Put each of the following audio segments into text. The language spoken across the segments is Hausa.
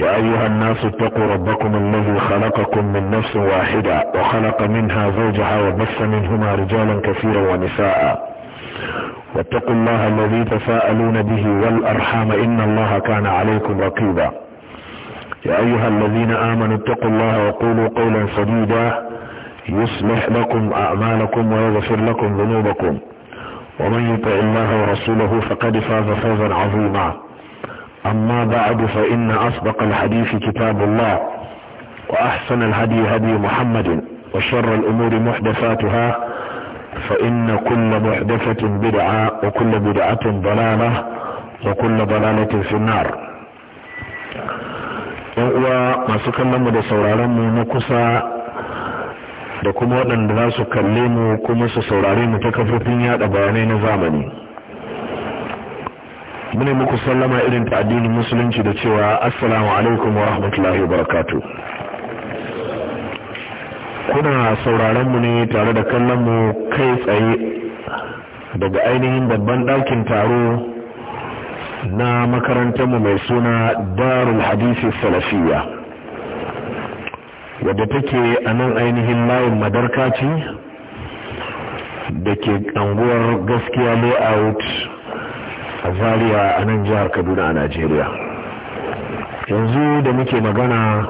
يا ايها الناس اتقوا ربكم الذي خلقكم من نفس واحدة وخلق منها زوجها وبث منهما رجالا كثيرا ونساء واتقوا الله الذي تساءلون به والارحام ان الله كان عليكم رقيبا يا ايها الذين امنوا اتقوا الله وقولوا قولا سديدا يصلح لكم اعمالكم ويغفر لكم ذنوبكم ومن يطع الله ورسوله فقد فاز فوزا عظيما أما بعد فإن أصدق الحديث كتاب الله وأحسن الهدي هدي محمد وشر الأمور محدثاتها فإن كل محدثة بدعة وكل بدعة ضلالة وكل ضلالة في النار uwa ما kallon mu da sauraron mu na kusa da kuma waɗanda za su kalle mu kuma su saurare mu ta muni muku sallama irin ta addinin musulunci da cewa assalamu alaikum wa rahmatullahi wa barakatu kuna sauraron mu ne tare da kallon mu kai tsaye daga ainihin babban ɗakin taro na makarantar mu mai suna darul hadisi salafiya wadda take a nan ainihin layin madarkaci da ke anguwar gaskiya layout a Zariya a nan jihar kaduna a najeriya yanzu da muke magana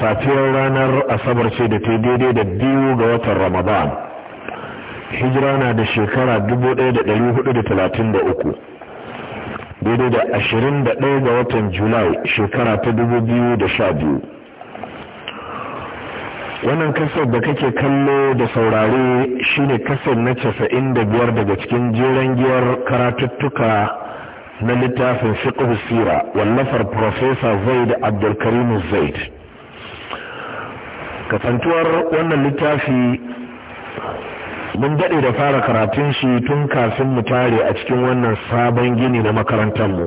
safiyar ranar asabar ce da ta daidai da biyu ga watan ramadan hijira na da shekara 1433 daidai da 21 ga watan julai shekara ta 2012 wannan kasar da kake kallo da saurare shine kasar na casa'in da biyar daga cikin jeren giyar karatuttuka na littafin fiqh sira wallafar professor zaid abdulkarim zaid kasantuwar wannan littafi mun daɗe da fara karatun shi tun kafin mu tare a cikin wannan sabon gini na makarantar mu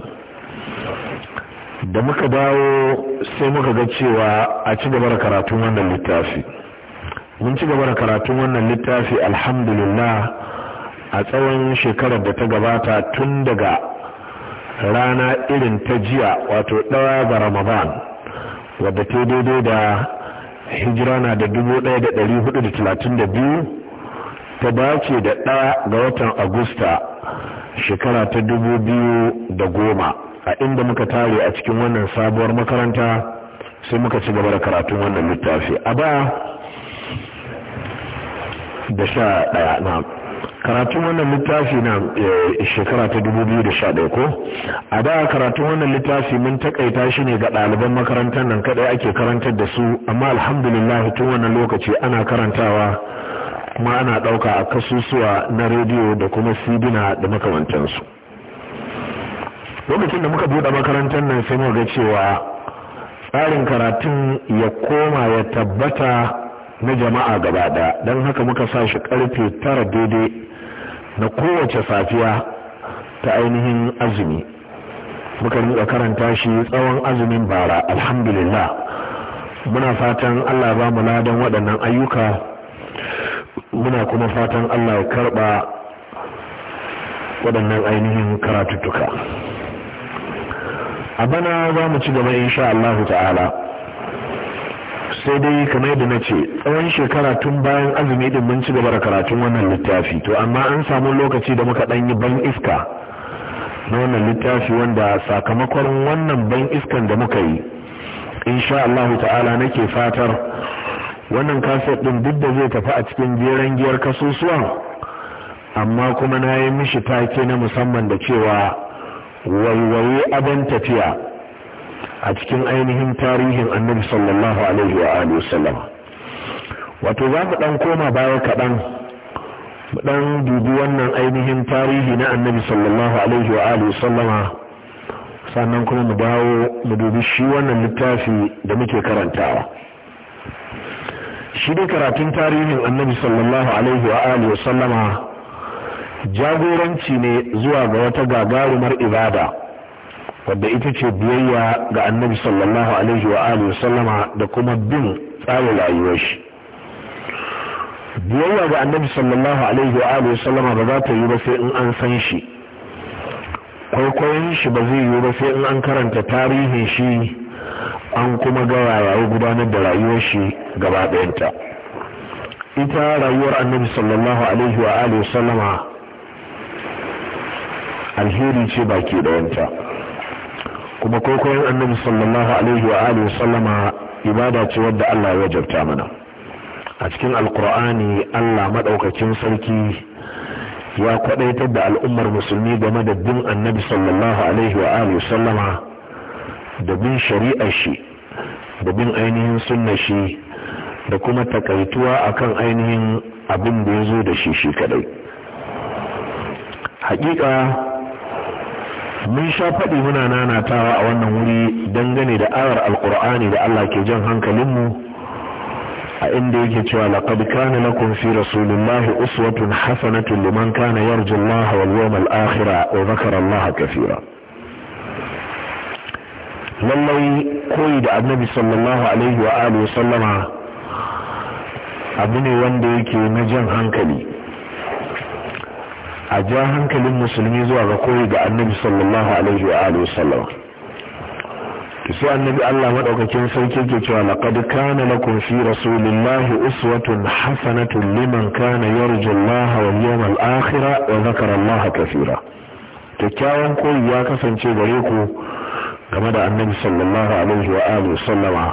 da muka dawo sai muka ga cewa a ci gaba da karatun wannan littafi mun ci gaba da karatun wannan littafi alhamdulillah a tsawon shekarar da ta gabata tun daga rana irin ta jiya wato ɗaya ga ramadan wadda ta daidai da hijira na da biyu ta dace da ɗaya ga watan agusta shekara ta dubu biyu da goma. a inda muka tare a cikin wannan sabuwar makaranta sai muka ci gaba da karatun wannan littafi a ba da sha daya na karatun wannan littafi na eh, shekara ta 2011 ko a da karatun wannan littafi mun takaita shi ne ga ɗaliban makarantar nan kaɗai ake karantar da su amma alhamdulillah tun wannan lokaci ana karantawa kuma ana ɗauka a kasusuwa na rediyo da kuma sidina da makamantansu lokacin da muka buɗe makarantar nan sai muka cewa tsarin karatun ya koma ya tabbata na jama'a gaba ɗaya don haka muka sa shi karfe tara daidai na kowace safiya ta ainihin azumi muka rinka karanta shi tsawon azumin bara alhamdulillah muna fatan allah ba mu ladan waɗannan ayyuka muna kuma fatan allah ya karɓa waɗannan ainihin karatuttuka a bana za mu ci gaba insha Allah ta'ala sai dai kamar yadda na ce tsawon shekara tun bayan azumi din mun ci gaba da karatun wannan littafi to amma an samu lokaci da muka ɗan yi ban iska na wannan littafi wanda sakamakon wannan ban iskan da muka yi insha Allah ta'ala nake fatar wannan kaset din duk da zai tafi a cikin jeren giyar kasusuwan amma kuma na yi mishi take na musamman da cewa waiwaye abin tafiya a cikin ainihin tarihin annabi sallallahu alaihi wa alihi wasallam wato za mu dan koma baya kaɗan mu dan dubi wannan ainihin tarihi na annabi sallallahu alaihi wa alihi wasallama sannan kuma mu dawo mu dubi shi wannan littafi da muke karantawa shi dai karatun tarihin annabi sallallahu alaihi wa alihi wasallama jagoranci ne zuwa ga wata gagarumar ibada wadda ita ce biyayya ga annabi sallallahu alaihi wa alihi sallama da kuma bin tsarin rayuwar shi biyayya ga annabi sallallahu alaihi wa alihi sallama ba za ta yi ba sai in an san shi kwaikwayon shi ba zai yi ba sai in an karanta tarihin shi an kuma ga yayi gudanar da rayuwar shi gaba ɗayanta ita rayuwar annabi sallallahu alaihi wa alihi sallama alheri ce ba ke da wanta kuma kwaikwayon annabi sallallahu alaihi wa alihi sallama ibada ce wadda Allah ya wajabta mana a cikin alkur'ani Allah madaukakin sarki ya kwadaitar da al'ummar musulmi game da bin annabi sallallahu alaihi wa alihi sallama da bin shari'ar shi da bin ainihin sunnar shi da kuma takaituwa akan ainihin abin da ya zo da shi shi kadai haƙiƙa. mun sha faɗi muna nanatawa a wannan wuri dangane da ayar alkur'ani da Allah ke jan hankalinmu a inda yake cewa laqad kana lakum fi rasulillahi uswatun hasanatun liman kana yarju Allah wal yawmal akhir wa dhakara Allah lallai koyi da annabi sallallahu alaihi wa alihi sallama abu ne wanda yake na jan hankali a ja hankalin musulmi zuwa ga koyi ga annabi sallallahu alaihi wa alihi wasallam sai annabi Allah madaukakin sarki ke cewa laqad kana lakum fi rasulillahi uswatun hasanatun liman kana yarju Allah wal yawmal akhir wa dhakara Allah kaseera kyawun koyi ya kasance gare ku game da annabi sallallahu alaihi wa alihi wasallama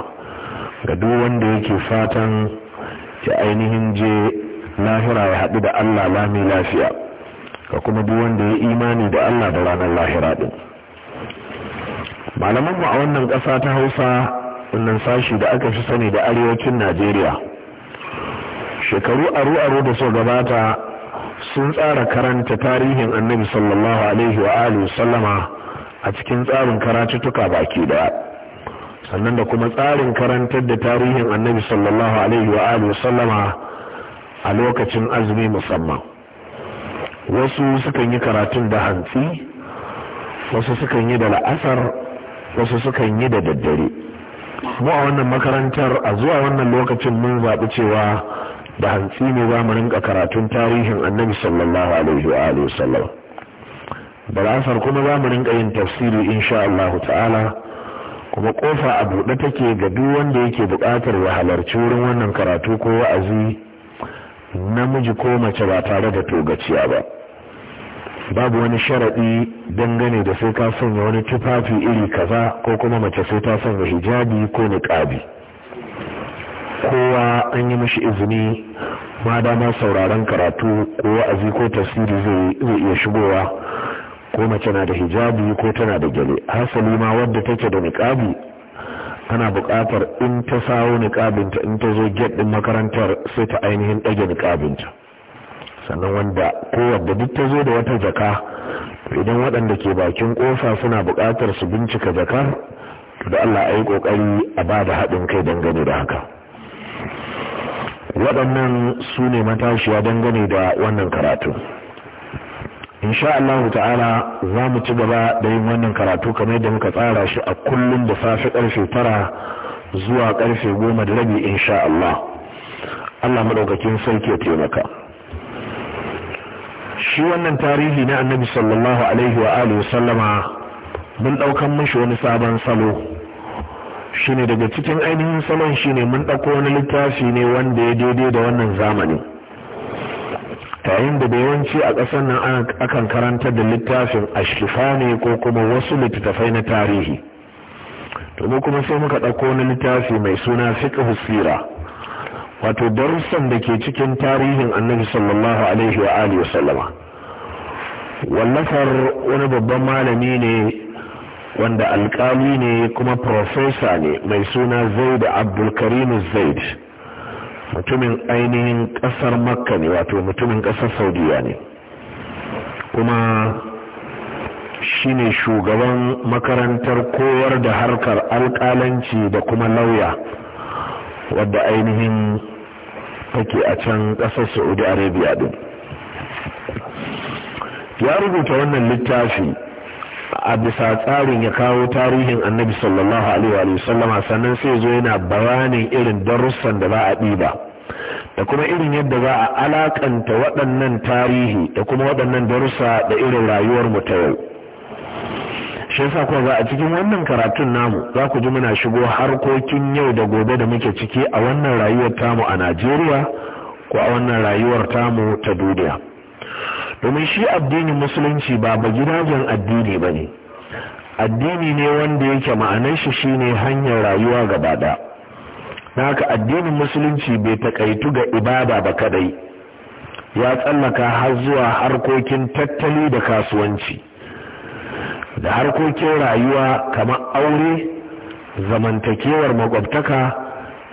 ga duk wanda yake fatan ya ainihin je lahira ya haɗu da Allah lami lafiya ka kuma duk wanda ya imani da Allah da ranar lahira din malaman mu a wannan ƙasa ta Hausa wannan sashi da aka fi sani da arewacin Najeriya shekaru aru-aru da so gabata sun tsara karanta tarihin annabi sallallahu alaihi wa alihi sallama a cikin tsarin karatuttuka baki daya sannan da kuma tsarin karantar da tarihin annabi sallallahu alaihi wa alihi sallama a lokacin azumi musamman wasu sukan yi karatun da hantsi wasu sukan yi da la'asar wasu sukan yi da daddare mu a wannan makarantar a zuwa wannan lokacin mun zaɓi cewa da hantsi ne za mu rinka karatun tarihin annabi sallallahu alaihi wa alihi da la'asar kuma za mu rinka yin tafsiri insha Allah ta'ala kuma kofa a buɗe take ga duk wanda yake buƙatar ya halarci wurin wannan karatu ko wa'azi namiji ko mace ba tare da togaciya ba babu wani sharaɗi dangane da sai ka sanya wani tufafi iri kaza ko kuma mace sai ta sanya hijabi ko niƙabi kowa an yi mashi izini ma dama sauraron karatu ko wa'azi ko tasiri zai iya shigowa ko mace na da hijabi ko tana da gyale hasali ma wadda take da niƙabi ana buƙatar in ta sawo niƙabinta in ta zo get ɗin makarantar sai ta ainihin ɗage niƙabinta sannan wanda kowadda duk ta zo da wata jaka idan waɗanda ke bakin ƙofa suna buƙatar su bincika jakar to da Allah a yi ƙoƙari a ba da haɗin kai dangane da haka waɗannan su ne matashiya dangane da wannan karatu insha Allah ta'ala za mu ci gaba da yin wannan karatu kamar yadda muka tsara shi a kullum da safe karfe tara zuwa karfe goma da rabi insha Allah Allah madaukakin sarki ya taimaka shi wannan tarihi na annabi sallallahu alaihi wa alihi sallama mun daukan mishi wani sabon salo shine daga cikin ainihin salon shine mun dauko wani littafi ne wanda ya daidai da wannan zamani. Ta da da yawanci a ƙasar nan akan karanta da littafin ashifa ne ko kuma wasu littattafai na tarihi to mu kuma sai muka ɗauko wani littafi mai suna fiqh sira wato darussan da ke cikin tarihin annabi sallallahu alaihi wa alihi wa sallama wallafar wani babban malami ne wanda alƙali ne kuma profesa ne mai suna zaid abdulkarim zaid mutumin ainihin kasar makka ne wato mutumin kasar saudiya ne kuma shi ne shugaban makarantar koyar da harkar alƙalanci da kuma lauya wadda ainihin take a can ƙasar saudi arabia din ya rubuta wannan littafi a bisa tsarin ya kawo tarihin annabi sallallahu alaihi wa sallama sannan sai zo yana bayanin irin darussan da za a ɗiba da kuma irin yadda za a alakanta waɗannan tarihi da kuma waɗannan darussa da irin rayuwar mu ta yau shi yasa kuma za a cikin wannan karatun namu za ku ji muna shigo harkokin yau da gobe da muke ciki a wannan rayuwar tamu a Najeriya ko a wannan rayuwar tamu ta duniya domin shi addinin musulunci ba ba gidajen addini ba ne addini ne wanda yake ma'anar shi ne hanyar rayuwa gaba ɗaya na haka addinin musulunci bai taƙaitu ga ibada ba kadai ya tsallaka har zuwa harkokin tattali da kasuwanci da harkokin rayuwa kamar aure zamantakewar makwabtaka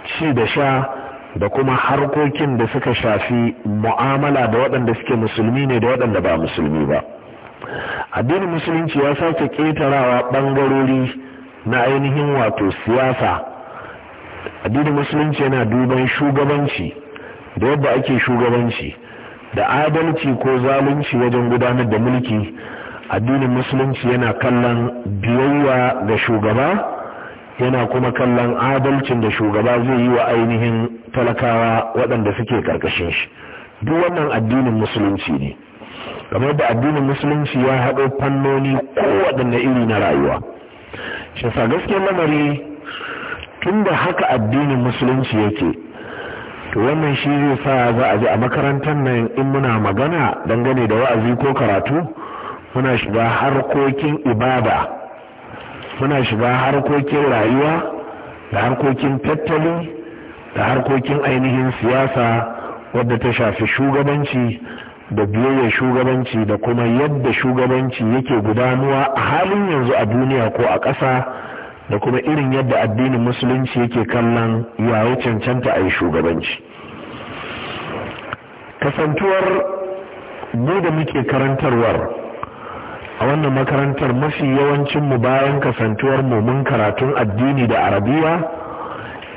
ci da sha da kuma harkokin da suka shafi mu'amala da waɗanda suke musulmi ne da waɗanda ba musulmi ba addinin musulunci ya sake ƙetarawa ɓangarori na ainihin wato siyasa addinin musulunci yana duban shugabanci da yadda ake shugabanci da adalci ko zalunci wajen gudanar da mulki addinin musulunci yana kallon biyayya ga shugaba yana kuma kallon adalcin da shugaba zai yi wa ainihin talakawa waɗanda suke ƙarƙashin shi duk wannan addinin musulunci ne kamar da addinin musulunci ya haɗo fannoni kowaɗanne iri na rayuwa shi gaskiyar lamari tun da haka addinin musulunci yake to wannan shi zai sa za a ji a makarantar nan in muna magana dangane da wa'azi ko karatu muna shiga harkokin ibada suna shiga harkokin rayuwa da harkokin tattali da harkokin ainihin siyasa wadda ta shafi shugabanci da biyayya shugabanci da kuma yadda shugabanci yake gudanuwa a halin yanzu a duniya ko a ƙasa da kuma irin yadda addinin musulunci yake kallon yawo cancanta a yi shugabanci kasantuwar mu muke karantarwar a wannan makarantar mafi yawancin mu bayan kasantuwar mu mun karatun addini da arabiya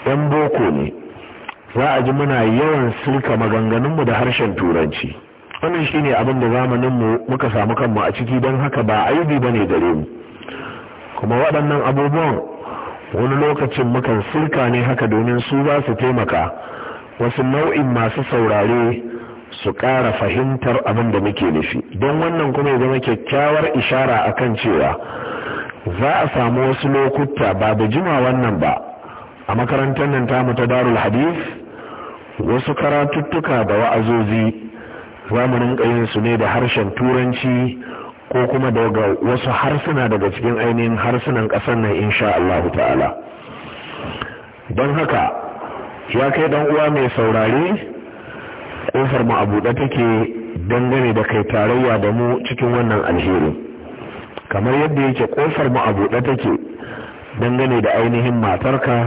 yan boko ne za a ji muna yawan silka maganganun mu da harshen turanci wannan shine abin da zamanin mu muka samu kanmu a ciki don haka ba a aibi bane gare mu kuma waɗannan abubuwan wani lokacin mukan sulka ne haka domin su za su taimaka wasu nau'in masu saurare su ƙara fahimtar abin da muke nufi don wannan kuma ya zama kyakkyawar ishara a kan cewa za a samu wasu lokuta ba da jima wannan ba a makarantar nan ta ta darul hadis wasu karatuttuka da wa'azozi zamanin ƙayin su ne da harshen turanci ko kuma daga wasu harsuna daga cikin ainihin harsunan ƙasar nan insha Allah ta'ala don haka ya kai dan uwa mai saurare ƙofar mu a buɗe take dangane da kai tarayya da mu cikin wannan alheri kamar yadda yake ƙofar mu a buɗe take dangane da ainihin matarka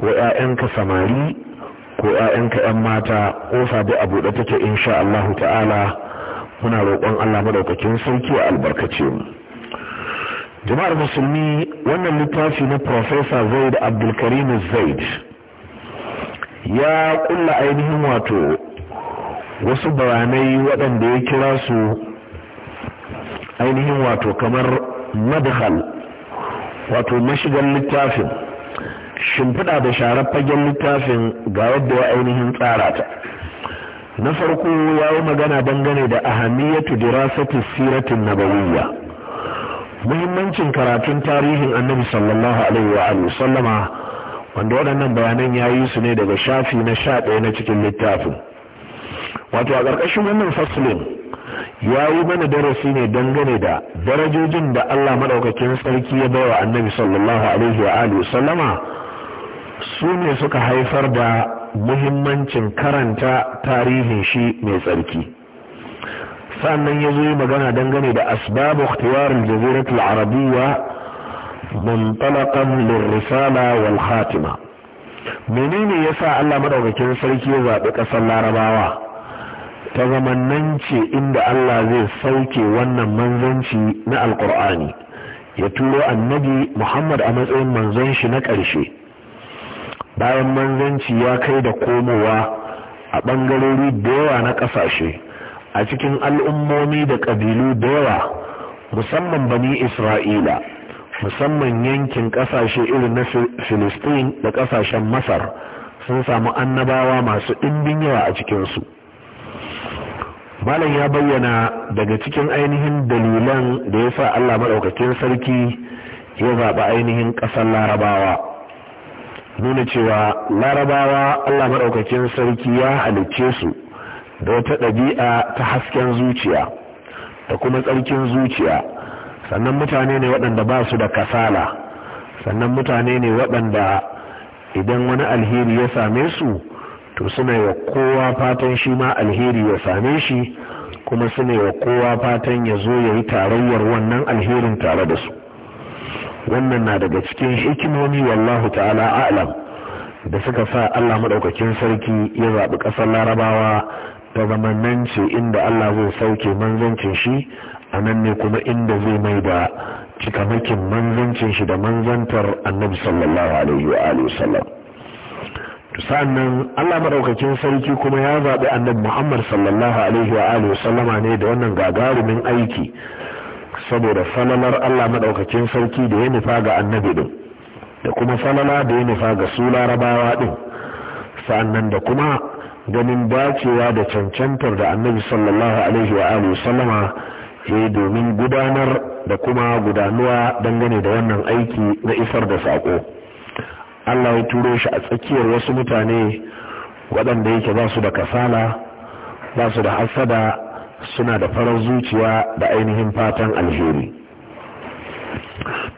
ko 'ya'yanka samari ko 'ya'yanka 'yan mata ƙofa da a buɗe take insha Allahu ta'ala muna roƙon Allah madaukakin sarki a albarkace mu jama'ar musulmi wannan littafi na profesa zaid abdulkarim zaid ya kulla ainihin wato wasu bayanai waɗanda ya kira su ainihin wato kamar madhal wato mashigar littafin shimfiɗa da sharar fagen littafin ga yadda ya ainihin tsara ta na farko ya yi magana dangane da ahamiyatu dirasati siratin nabawiyya muhimmancin karatun tarihin annabi sallallahu alaihi wa sallama wanda waɗannan bayanan ya yi su ne daga shafi na sha ɗaya na cikin littafin wato a ƙarƙashin wannan faslin ya yi mana darasi ne dangane da darajojin da Allah maɗaukakin sarki ya baiwa annabi sallallahu alaihi wa alihi sallama su ne suka haifar da muhimmancin karanta tarihin shi mai tsarki sannan ya zo yi magana dangane da asbabu ikhtiyarin jaziratul arabiyya muntalaqan lirrisala wal khatima menene yasa Allah madaukakin sarki ya zaɓi ƙasar larabawa ta zama nan ce inda Allah zai sauke wannan manzanci na alkur'ani ya turo annabi Muhammad a matsayin manzon shi na ƙarshe bayan manzanci ya kai da komowa a ɓangarori da yawa na ƙasashe a cikin al'ummomi da ƙabilu da yawa musamman bani isra'ila musamman yankin ƙasashe irin na filistin da ƙasashen masar sun samu annabawa masu ɗimbin yawa a cikinsu malam ya bayyana daga cikin ainihin dalilan da ya sa Allah maɗaukakin sarki ya zaɓi ainihin ƙasar larabawa nuna cewa larabawa Allah maɗaukakin sarki ya halicce su da wata ɗabi'a ta hasken zuciya da kuma tsarkin zuciya sannan mutane ne waɗanda ba su da kasala sannan mutane ne waɗanda idan wani alheri ya same su to suna wa kowa fatan shi ma alheri ya same shi kuma suna wa kowa fatan ya zo ya yi tarayyar wannan alherin tare da su wannan na daga cikin hikimomi wallahu ta'ala a'lam da suka sa Allah maɗaukakin sarki ya zaɓi ƙasar larabawa ta zama nan ce inda Allah zai sauke manzancin shi a nan ne kuma inda zai mai da cikamakin manzancin shi da manzantar annabi sallallahu alaihi wa wasallam sannan Allah madaukakin sarki kuma ya zaɓi annabi Muhammad sallallahu alaihi wa wa sallama ne da wannan gagarumin aiki saboda falalar Allah madaukakin sarki da ya nufa ga annabi din da kuma falala da ya nufa ga su larabawa din sannan da kuma ganin dacewa da cancantar da annabi sallallahu alaihi wa ya yi domin gudanar da kuma gudanuwa dangane da wannan aiki na isar da saƙo. Allah ya turo shi a tsakiyar wasu mutane waɗanda yake ba su da kasala ba su da hasada suna da farar zuciya da ainihin fatan alheri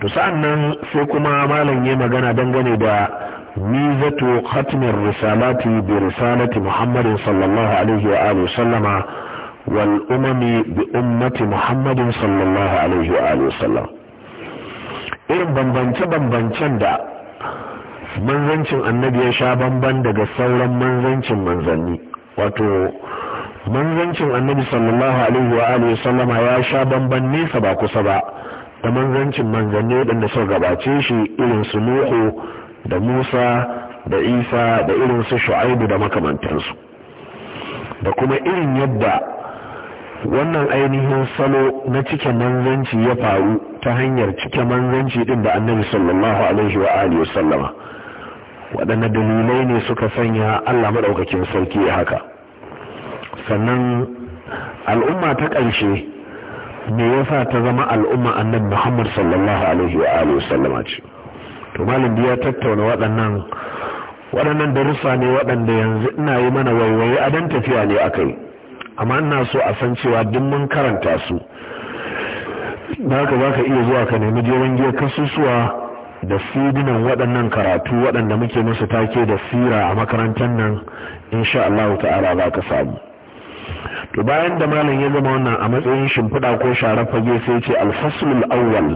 to sa'an nan sai kuma malam ya magana dangane da mizatu khatmin risalati bi risalati muhammadin sallallahu alaihi wa alihi sallama wal umami bi ummati muhammadin sallallahu alaihi wa alihi sallam irin bambance-bambancen da manzancin annabi ya sha bamban daga sauran manzancin manzanni wato manzancin annabi sallallahu alaihi wa alihi sallama ya sha bamban nesa ba kusa ba da manzancin manzanni waɗanda suka gabace shi irin su Nuhu da Musa da Isa da irin su Shu'aibu da makamantansu da kuma irin yadda wannan ainihin salo na cike manzanci ya faru ta hanyar cike manzanci din da annabi sallallahu alaihi wa alihi sallama waɗanne dalilai ne suka sanya Allah maɗaukakin sarki haka sannan al'umma ta ƙarshe me yasa ta zama al'umma annabi Muhammad sallallahu alaihi wa alihi sallama ce to malam ya tattauna waɗannan waɗannan darussa ne waɗanda yanzu ina yi mana waiwaye a dan tafiya ne a kai amma ina so a san cewa duk mun karanta su da haka za ka iya zuwa ka nemi jerin giyar kasusuwa da sidinan waɗannan karatu waɗanda muke musu take da sira a makarantar nan insha Allah ta'ala za ka samu to bayan da malam ya zama wannan a matsayin shimfiɗa ko shara fage sai ce alfaslul awwal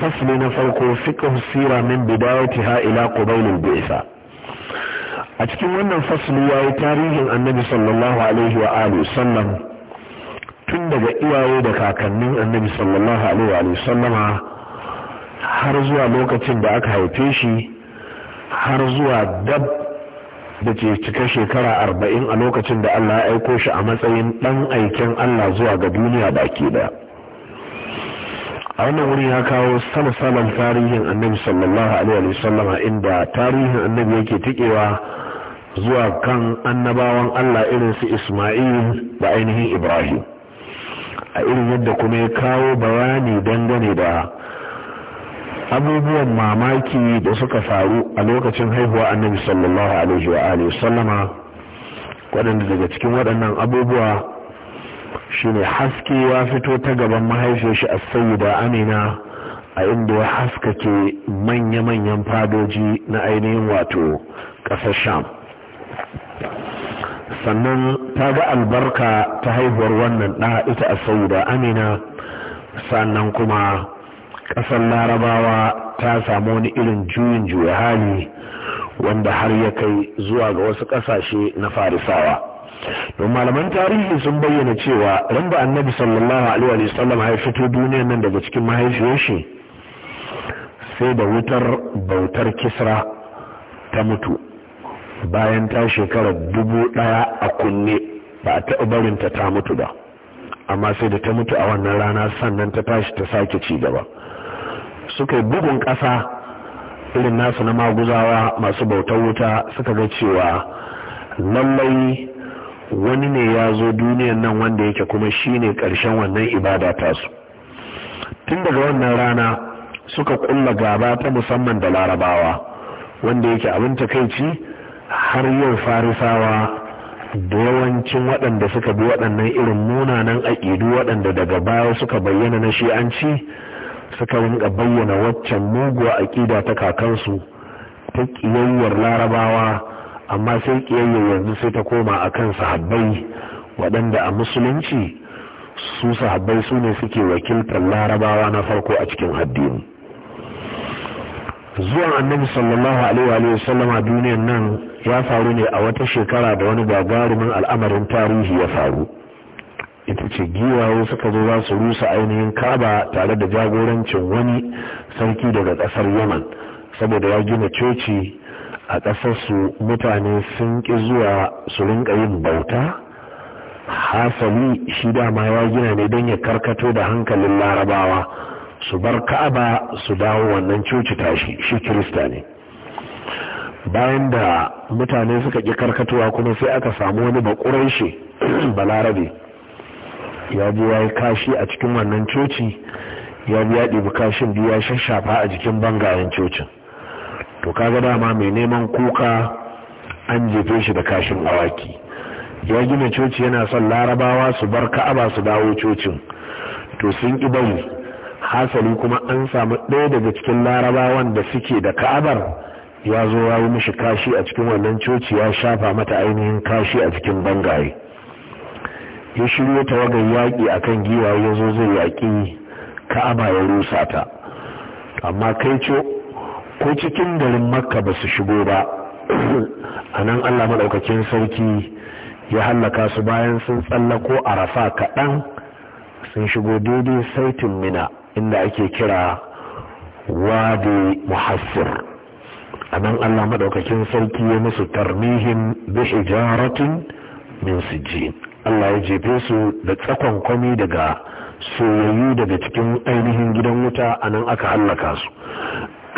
fasli na farko fiqh sira min ha ila qabil al-bi'sa a cikin wannan fasli yayi tarihin annabi sallallahu alaihi wa alihi sallam tun daga iyaye da kakannin annabi sallallahu alaihi wa alihi sallama har zuwa lokacin da aka haife shi har zuwa dab da ke cika shekara arba'in a lokacin da Allah ya aiko shi a matsayin ɗan aiken Allah zuwa ga duniya baki ɗaya. a wannan wuri ya kawo salasalan tarihin annabi sallallahu alaihi wa sallama inda tarihin annabi yake tikewa zuwa kan annabawan Allah irin su Isma'il da ainihin Ibrahim a irin yadda kuma ya kawo bayani dangane da abubuwan mamaki da suka faru a lokacin haihuwa annabi sallallahu alaihi wa alihi sallama waɗanda daga cikin waɗannan abubuwa shine haske ya fito ta gaban mahaifiyar shi a sayyida amina a inda ya haskake manya-manyan fadoji na ainihin wato ƙasar sham sannan ta ga albarka ta haihuwar wannan ɗa ita a sayyida amina sannan kuma ƙasar larabawa ta samu wani irin juyin juya hali wanda har ya kai zuwa ga wasu ƙasashe na farisawa don malaman tarihi sun bayyana cewa ran ba annabi sallallahu alaihi wa sallam ya fito duniya nan daga cikin mahaifiyar shi sai da wutar bautar kisra ta mutu bayan ta shekara dubu ɗaya a kunne ba a taɓa barinta ta mutu ba amma sai da ta mutu a wannan rana sannan ta tashi ta sake ci gaba suka bugun ƙasa irin nasu na maguzawa masu bautar wuta suka ga cewa lallai wani ne ya zo duniyan nan wanda yake kuma shi ne ƙarshen wannan ibada tasu tun daga wannan rana suka kulla gaba ta musamman da larabawa wanda yake abin takaici har yau farisawa da yawancin waɗanda suka bi waɗannan irin munanan aƙidu waɗanda daga baya suka bayyana na shi'anci suka rinka bayyana waccan muguwa aƙida ta kakansu ta ƙiyayyar larabawa amma sai ƙiyayyar yanzu sai ta koma a kan sahabbai waɗanda a musulunci su sahabbai su ne suke wakiltar larabawa na farko a cikin addini zuwan annabi sallallahu alaihi wa sallama duniyan nan ya faru ne a wata shekara da wani gagarumin al'amarin tarihi ya faru ita ce giwaye suka zo za su rusa ainihin kaba tare da jagorancin wani sarki daga ƙasar yaman saboda ya gina coci a su mutane sun ƙi zuwa su rinka yin bauta hasali shi dama ya gina ne don ya karkato da hankalin larabawa su bar ka'aba su dawo wannan coci tashi shi kirista ne bayan da mutane suka ƙi karkatowa kuma sai aka samu wani bakurai shi balarabe ya je ya yi kashi a cikin wannan coci ya biya ɗibi kashin biyu ya shashafa a jikin bangayen cocin to kaga dama mai neman kuka an jefe shi da kashin awaki ya gina coci yana son larabawa su bar ka'aba su dawo cocin to sun ƙi bari hasali kuma an samu ɗaya daga cikin larabawan da suke da ka'abar ya zo ya yi mishi kashi a cikin wannan coci ya shafa mata ainihin kashi a cikin bangaye ya shirya tawagar yaƙi a kan giwaye ya zo zai yaƙi ka'aba ya rusa ta amma kai co ko cikin garin makka ba su shigo ba a nan allah maɗaukakin sarki ya hallaka su bayan sun tsallako a rafa kaɗan sun shigo daidai saitin mina inda ake kira wadi muhassir a nan allah maɗaukakin sarki ya musu tarmihin bi hijaratin min sijjin Allah ya jefe su da tsakon kwami daga soyayyu daga cikin ainihin gidan wuta a nan aka hallaka su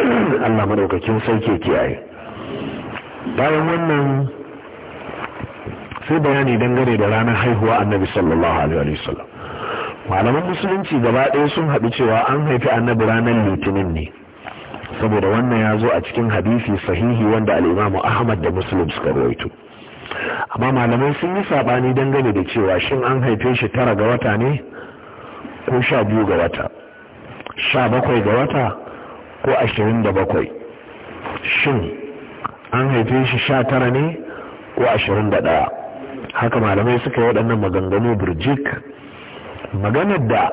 Allah madaukakin sauke kiyaye bayan wannan sai bayani dangane da ranar haihuwa annabi sallallahu alaihi wasallam malaman musulunci gaba ɗaya sun haɗu cewa an haifi annabi ranar litinin ne saboda wannan ya zo a cikin hadisi sahihi wanda al'imamu ahmad da muslim suka rawaito amma malamai sun yi saɓani dangane da cewa shin an haife shi tara ga wata ne ko sha biyu ga wata sha bakwai ga wata ko ashirin da bakwai shin an haife shi sha tara ne ko ashirin da ɗaya haka malamai suka yi waɗannan maganganu birjik maganar da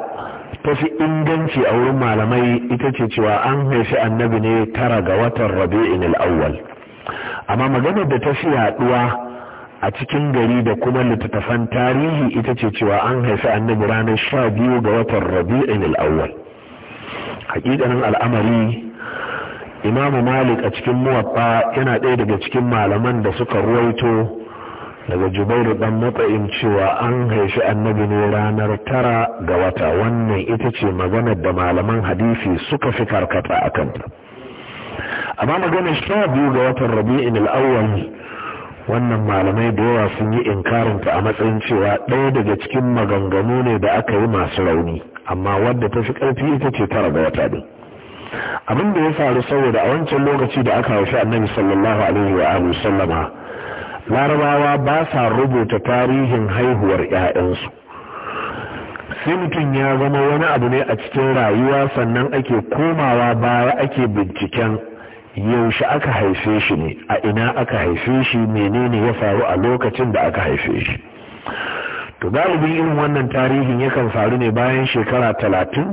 ta fi inganci a wurin malamai ita ce cewa an haifi annabi ne tara ga watan rabi'in al'awwal amma maganar da ta fi yaɗuwa a cikin gari da kuma littattafan tarihi ita ce cewa an haifi annabi ranar sha biyu ga watan rabi'in al'awwal hakikanin al'amari imamu malik a cikin muwaffa yana ɗaya daga cikin malaman da suka ruwaito daga jubairu ɗan matsayin cewa an haifi annabi ne ranar tara ga wata wannan ita ce maganar da malaman hadisi suka fi karkata a kanta amma maganar sha biyu ga watan rabi'in al'awwal wannan malamai da yawa sun yi inkarinta a matsayin cewa ɗaya daga cikin maganganu ne da aka yi masu rauni amma wadda ta fi ƙarfi ita ce tara ga wata ɗin abin da ya faru saboda a wancan lokaci da aka haushi annabi sallallahu alaihi wa alihi sallama larabawa ba sa rubuta tarihin haihuwar 'ya'yansu sai mutum ya zama wani abu ne a cikin rayuwa sannan ake komawa baya ake binciken yaushe aka haife shi ne a ina aka haife shi menene ya faru a lokacin da aka haife shi to galibin irin wannan tarihin yakan faru ne bayan shekara talatin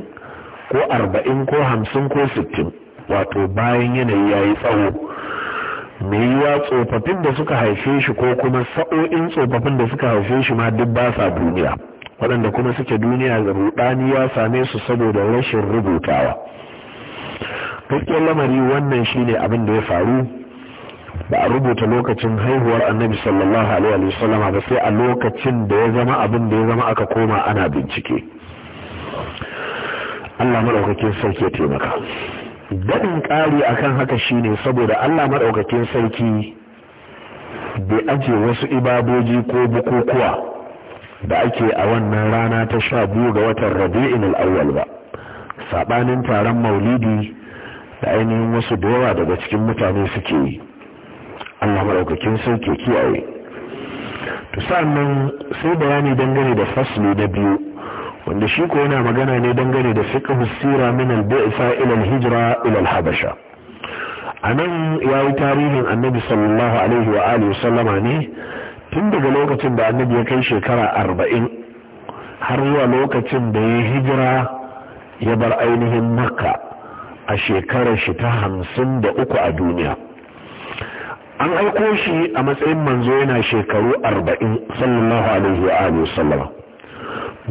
ko arba'in ko hamsin ko sittin wato bayan yanayi ya yi tsawo mai yiwa tsofaffin da suka haife shi ko kuma sa'o'in tsofaffin da suka haife shi ma duk ba sa duniya waɗanda kuma suke duniya ga rudani ya same su saboda rashin rubutawa cikakken lamari wannan shine abin da ya faru ba a rubuta lokacin haihuwar annabi sallallahu alaihi wa sallama ba sai a lokacin da ya zama abin da ya zama aka koma ana bincike Allah madaukakin sarki ya taimaka daɗin ƙari akan haka shine saboda Allah madaukakin sarki bai aje wasu ibadoji ko bukukuwa da ake a wannan rana ta sha biyu ga watan rabi'in al-awwal ba sabanin taron maulidi da ainihin wasu da yawa daga cikin mutane suke yi Allah maɗaukakin ke kiyaye to sa'annan sai bayani dangane da fasli na biyu wanda shi ko yana magana ne dangane da fiqh sira min al-bi'sa ila al-hijra ila al-habasha anan yayi tarihin annabi sallallahu alaihi wa alihi sallama ne tun daga lokacin da annabi ya kai shekara arba'in har zuwa lokacin da ya hijira ya bar ainihin makka a shekarar shi ta hamsin da uku a duniya an aiko shi a matsayin manzo yana shekaru arba'in sallallahu alaihi wa alihi sallama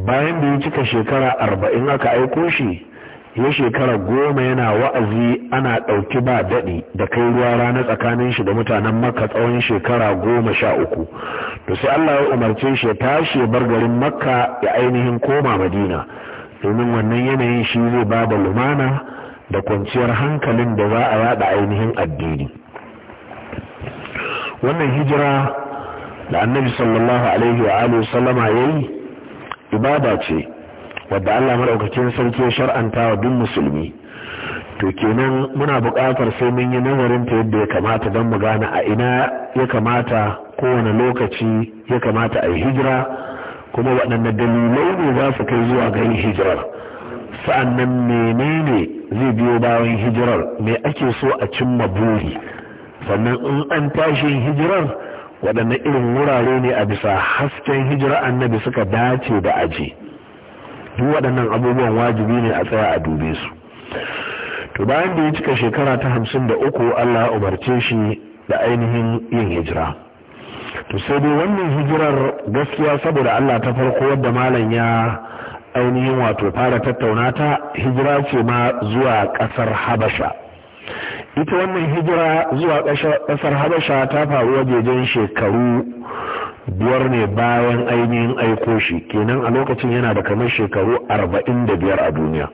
bayan da ya cika shekara arba'in aka aiko shi ya shekara goma yana wa'azi ana ɗauki ba daɗi da kai ruwa rana tsakanin shi da mutanen makka tsawon shekara goma sha uku to sai allah ya umarce shi ya tashi ya bar garin makka ya ainihin koma madina domin wannan yanayin shi zai ba da lumana da kwanciyar hankalin da za a yada ainihin addini wannan hijira da annabi sallallahu alaihi wa alihi sallama yayi ibada ce wadda Allah madaukakin sarki ya shar'anta wa duk musulmi to kenan muna buƙatar sai mun yi nazarin ta yadda ya kamata don mu gane a ina ya kamata kowane lokaci ya kamata a yi hijira kuma waɗanne dalilai ne za su kai zuwa ga yin hijirar sa'annan menene zai biyo bayan hijirar mai ake so a cimma buri sannan in an tashi hijirar waɗanne irin wurare ne a bisa hasken hijirar annabi suka dace da aji duk waɗannan abubuwan wajibi ne a tsaya a dube su to bayan da ya cika shekara ta hamsin da uku allah umarce shi da ainihin yin hijira to sai dai wannan hijirar gaskiya saboda allah ta farko wadda malam ya ainihin wato fara tattauna ta hijira ce ma zuwa ƙasar habasha ita wannan hijira zuwa ƙasar habasha ta faru wajejen shekaru biyar ne bayan ainihin aiko shi kenan a lokacin yana da kamar shekaru arba'in da biyar a duniya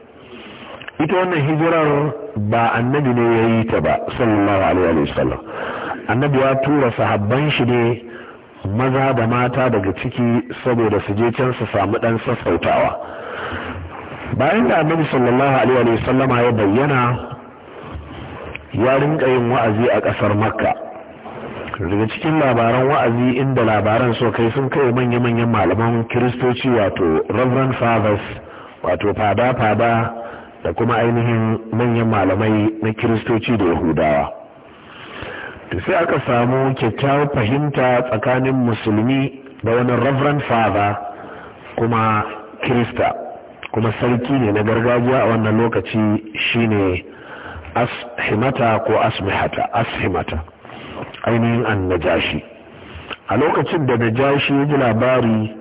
ita wannan hijirar ba annabi ne ya yi ta ba sallallahu alaihi wasallam annabi ya tura sahabban shi ne maza da mata daga ciki saboda su je can su samu ɗan sassautawa bayan da annabi sallallahu alaihi wa sallama ya bayyana ya rinka yin wa'azi a ƙasar makka daga cikin labaran wa'azi inda labaran so kai sun kai manya-manyan malaman kiristoci wato reverend fathers wato fada-fada da kuma ainihin manyan malamai na kiristoci da yahudawa da sai aka samu kyakkyawar fahimta tsakanin musulmi da wani reverend father kuma krista kuma sarki ne na gargajiya a wannan lokaci shine ashimata ko asmihata ashimata ainihin an najashi a lokacin da najashi ya ji labari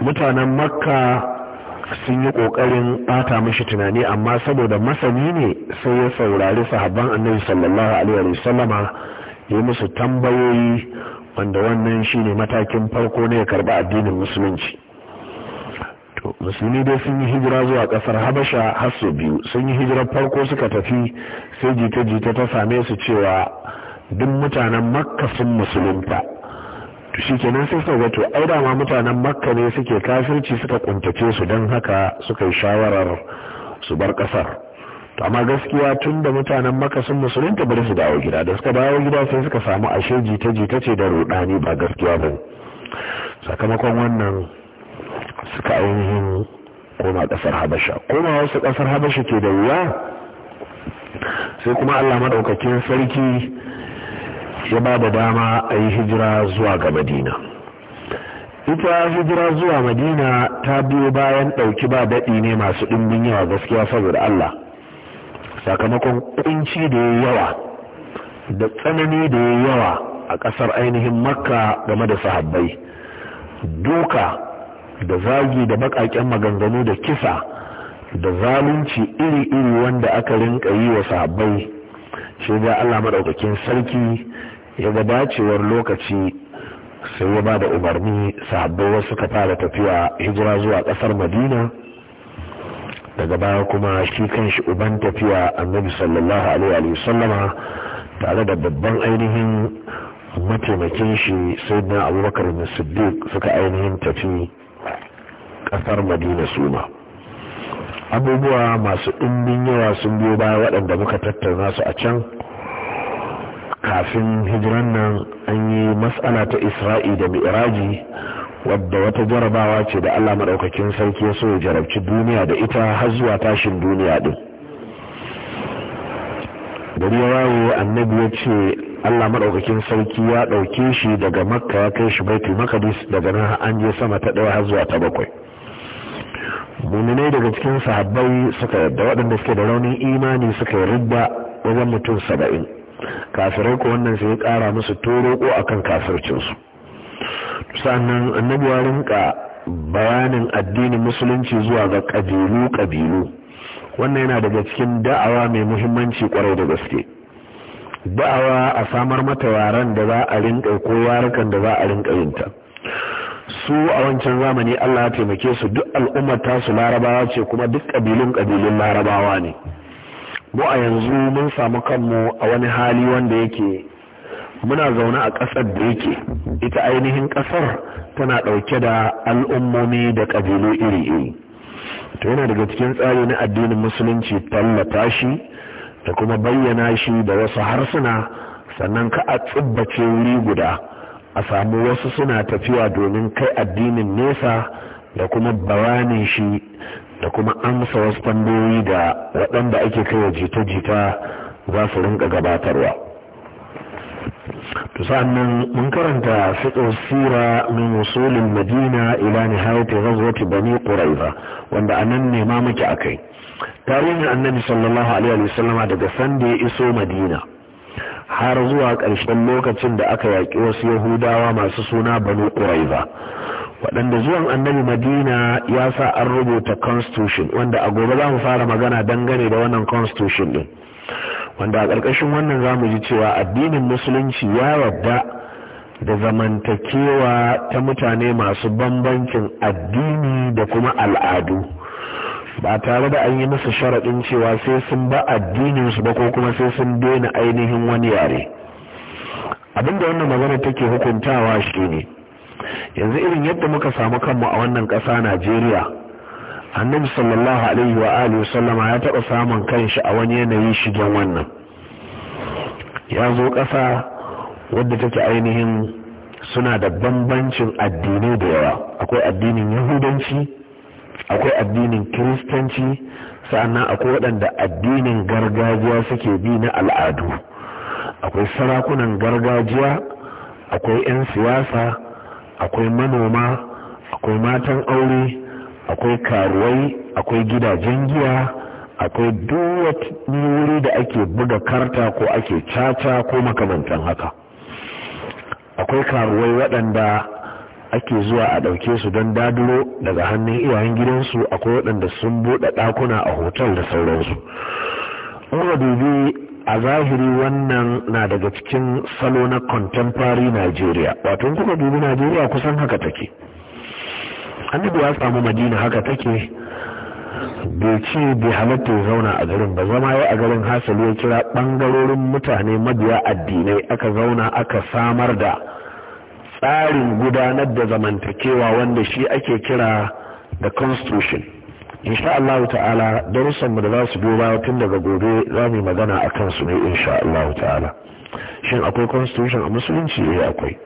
mutanen makka sun yi ƙoƙarin ɓata mashi tunani amma saboda masani ne sai ya saurari sahabban annabi sallallahu alaihi wa sallama ya musu tambayoyi wanda wannan shine matakin farko ne ya karɓi addinin musulunci to musulmi dai sun yi hijira zuwa ƙasar habasha har biyu sun yi hijirar farko suka tafi sai jita-jita ta same su cewa duk mutanen makka sun musulunta to shi kenan sai suka to ai ma mutanen makka ne suke kafirci suka kuntace su don haka suka yi shawarar su bar kasar to amma gaskiya tun da mutanen makka sun musulunta bari su dawo gida da suka dawo gida sai suka samu ashe jita jita ce da rudani ba gaskiya ba sakamakon wannan suka ainihin koma kasar habasha koma wasu kasar habasha ke da wuya sai kuma allah maɗaukakin sarki ya ba da dama a yi hijira zuwa ga madina ita hijira zuwa madina ta biyo bayan ɗauki ba daɗi ne masu ɗimbin yawa gaskiya saboda allah sakamakon ƙunci da ya yawa da tsanani da ya yawa a ƙasar ainihin makka game da sahabbai duka da zagi da baƙaƙen maganganu da kisa da zalunci iri-iri wanda aka rinƙa yi wa sahabbai shi ga allah maɗaukakin sarki ya ga dacewar lokaci sai ya ba da umarni sahabbai wasu ka fara tafiya hijira zuwa ƙasar madina daga baya kuma shi kan shi uban tafiya annabi sallallahu alaihi wa sallama tare da babban ainihin mataimakin shi sai na abubakar siddiq suka ainihin tafi ƙasar madina suma abubuwa masu ɗumbin yawa sun biyo baya waɗanda muka tattauna su a can kafin hijiran nan an yi matsala ta isra'i da mi'raji wadda wata jarabawa ce da allah maɗaukakin sarki ya so ya jarabci duniya da ita har zuwa tashin duniya ɗin gari ya wayo annabi ya ce allah maɗaukakin sarki ya ɗauke shi daga makka ya kai shi baitul makadis daga nan an je sama ta ɗaya har zuwa ta bakwai muminai daga cikin sahabbai suka yadda waɗanda suke da raunin imani suka yi ridda wajen mutum saba'in kafirai ko wannan sai ya kara musu toroko akan kafircinsu sannan annabi ya rinka bayanin addinin musulunci zuwa ga kabilu kabilu wannan yana daga cikin da'awa mai muhimmanci kwarai da gaske da'awa a samar mata yaran da za a rinka ko yarukan da za a rinka yinta su a wancan zamani Allah ya taimake su duk al'ummar tasu larabawa ce kuma duk kabilun kabilun larabawa ne mu a yanzu mun samu kanmu a wani hali wanda yake muna zaune a ƙasar da yake ita ainihin ƙasar tana ɗauke da al'ummomi da ƙabilu iri-iri to yana daga cikin tsari na addinin musulunci tallata shi da kuma bayyana shi da wasu harsuna sannan ka a tsibbace wuri guda a samu wasu suna tafiya domin kai addinin nesa da kuma bayanin shi da kuma amsa wasu tambayoyi da waɗanda ake kai wa jita-jita za su rinka gabatarwa nan mun karanta fiƙin sira min madina ila nihayati ghazwati bani quraiza wanda anan ne ma muke kai tarihin annabi sallallahu alaihi wa sallama daga sanda ya iso madina har zuwa ƙarshen lokacin da aka yaƙi wasu yahudawa masu suna banu quraiza waɗanda zuwan annabi madina ya sa an rubuta constitution wanda a gobe za mu fara magana dangane da wannan constitution ɗin wanda a ƙarƙashin wannan za mu ji cewa addinin musulunci ya yarda da zamantakewa ta mutane masu bambancin addini da kuma al'adu ba tare da an yi musu sharaɗin cewa sai sun ba addininsu ba ko kuma sai sun daina ainihin wani yare abinda wannan magana take hukuntawa shine yanzu irin yadda muka samu kanmu a wannan ƙasa Najeriya annabi sallallahu alaihi wa alihi sallama ya taɓa samun kanshi a wani yanayi shigen wannan ya zo ƙasa wadda take ainihin suna da bambancin addinai da yawa akwai addinin yahudanci akwai addinin kiristanci sa'annan akwai waɗanda addinin gargajiya suke bi na al'adu akwai sarakunan gargajiya akwai 'yan siyasa akwai manoma akwai matan aure akwai karuwai akwai gidajen giya akwai duwat wuri da ake buga karta ko ake caca ko makamantan haka akwai karuwai waɗanda ake zuwa a ɗauke su don daduro daga hannun iyayen gidansu akwai waɗanda sun buɗe ɗakuna a hotel da sauransu dubi a zahiri wannan na daga cikin salo na contemporary Nigeria wato kuka dubi Nigeria kusan haka take annabi ya samu madina haka take bai ce bai halatta ya zauna a garin ba zama ya a garin hasali ya kira ɓangarorin mutane mabiya addinai aka zauna aka samar da tsarin gudanar da zamantakewa wanda shi ake kira da constitution insha Allah ta'ala darussan mu da za su biyo tun daga gobe za mu magana a kansu ne insha Allah ta'ala shin akwai constitution a musulunci eh akwai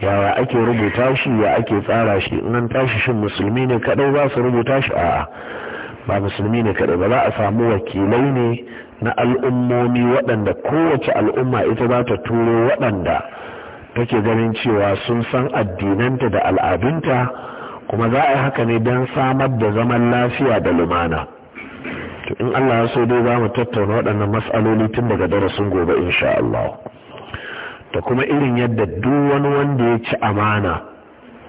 yawa ake rubuta shi ya ake tsara shi in an tashi shin musulmi ne kadai za su rubuta shi a'a ba musulmi ne kadai ba za a samu wakilai ne na al'ummomi waɗanda kowace al'umma ita za ta turo waɗanda take ganin cewa sun san addinanta da al'adunta kuma za a yi haka ne don samar da zaman lafiya da lumana to in Allah ya so dai za mu tattauna waɗannan matsaloli tun daga darasin gobe insha Allah da kuma irin yadda duk wani wanda ya ci amana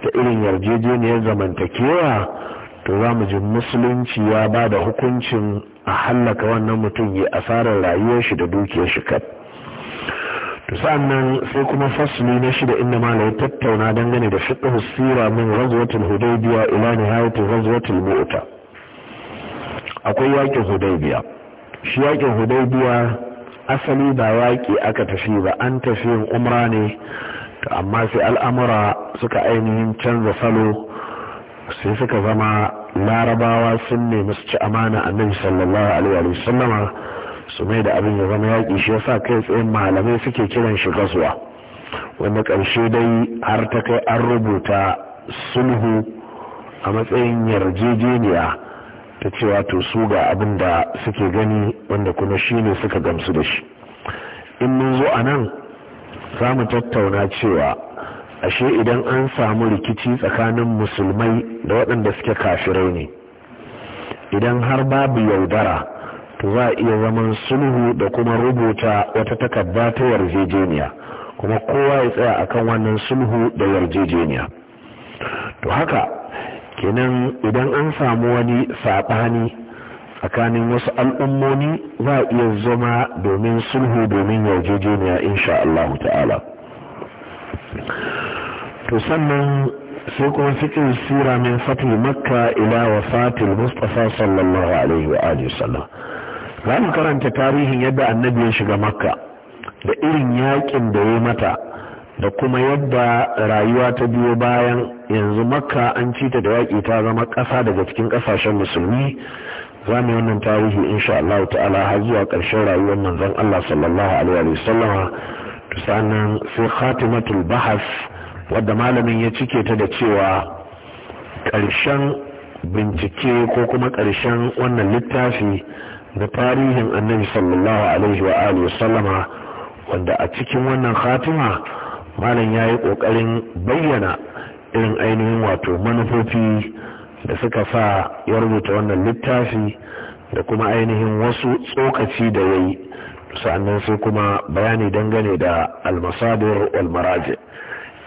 ta irin yarjejeniyar zamantakewa to za mu ji musulunci ya ba da hukuncin a hallaka wannan mutum ya asarar rayuwar shi da dukiyar shi kai. to sai kuma fasli na shida inda mala ya tattauna dangane da fiqh sira min ghazwatul hudaybiya ila nihayatul ghazwatul mu'ta akwai yakin hudaybiya shi yakin hudaybiya asali ba yaki aka tafi ba an tafi yin umra ne to amma sai al'amura suka ainihin canza salo sai suka zama larabawa sun nemi su ci amana annabi sallallahu alaihi wa sallama su mai da abin ya zama yaƙi shi yasa kai tsayin malamai suke kiran shi gasuwa wanda ƙarshe dai har ta kai an rubuta sulhu a matsayin yarjejeniya ta cewa to su ga abin da suke gani wanda kuma shi ne suka gamsu da shi in mun zo a nan za mu tattauna cewa ashe idan an samu rikici tsakanin musulmai da waɗanda suke kafirai ne idan har babu yaudara to za a iya zaman sulhu da kuma rubuta wata takarda ta yarjejeniya kuma kowa ya tsaya akan wannan sulhu da yarjejeniya to haka kenan idan an samu wani saɓani tsakanin wasu al'ummomi za a iya zama domin sulhu domin yarjejeniya insha Allah ta'ala to sannan sai kuma cikin sira min fatin makka ila fatin mustafa sallallahu alaihi wa alihi za mu karanta tarihin yadda annabi ya shiga makka da irin yakin da ya mata da kuma yadda rayuwa ta biyo bayan yanzu makka an ci ta da yaƙi ta zama ƙasa daga cikin ƙasashen musulmi za mu wannan tarihi insha Allah ta'ala har zuwa ƙarshen rayuwar manzon Allah sallallahu alaihi wa sallam to sanan sai khatimatul bahas wadda malamin ya cike ta da cewa ƙarshen bincike ko kuma ƙarshen wannan littafi da tarihin annabi sallallahu alaihi wa alihi sallama wanda a cikin wannan khatima malam ya yi ƙoƙarin bayyana irin ainihin wato manufofi da suka sa ya rubuta wannan littafi da kuma ainihin wasu tsokaci da ya yi sa'annan sai kuma bayani dangane da almasadir walmaraje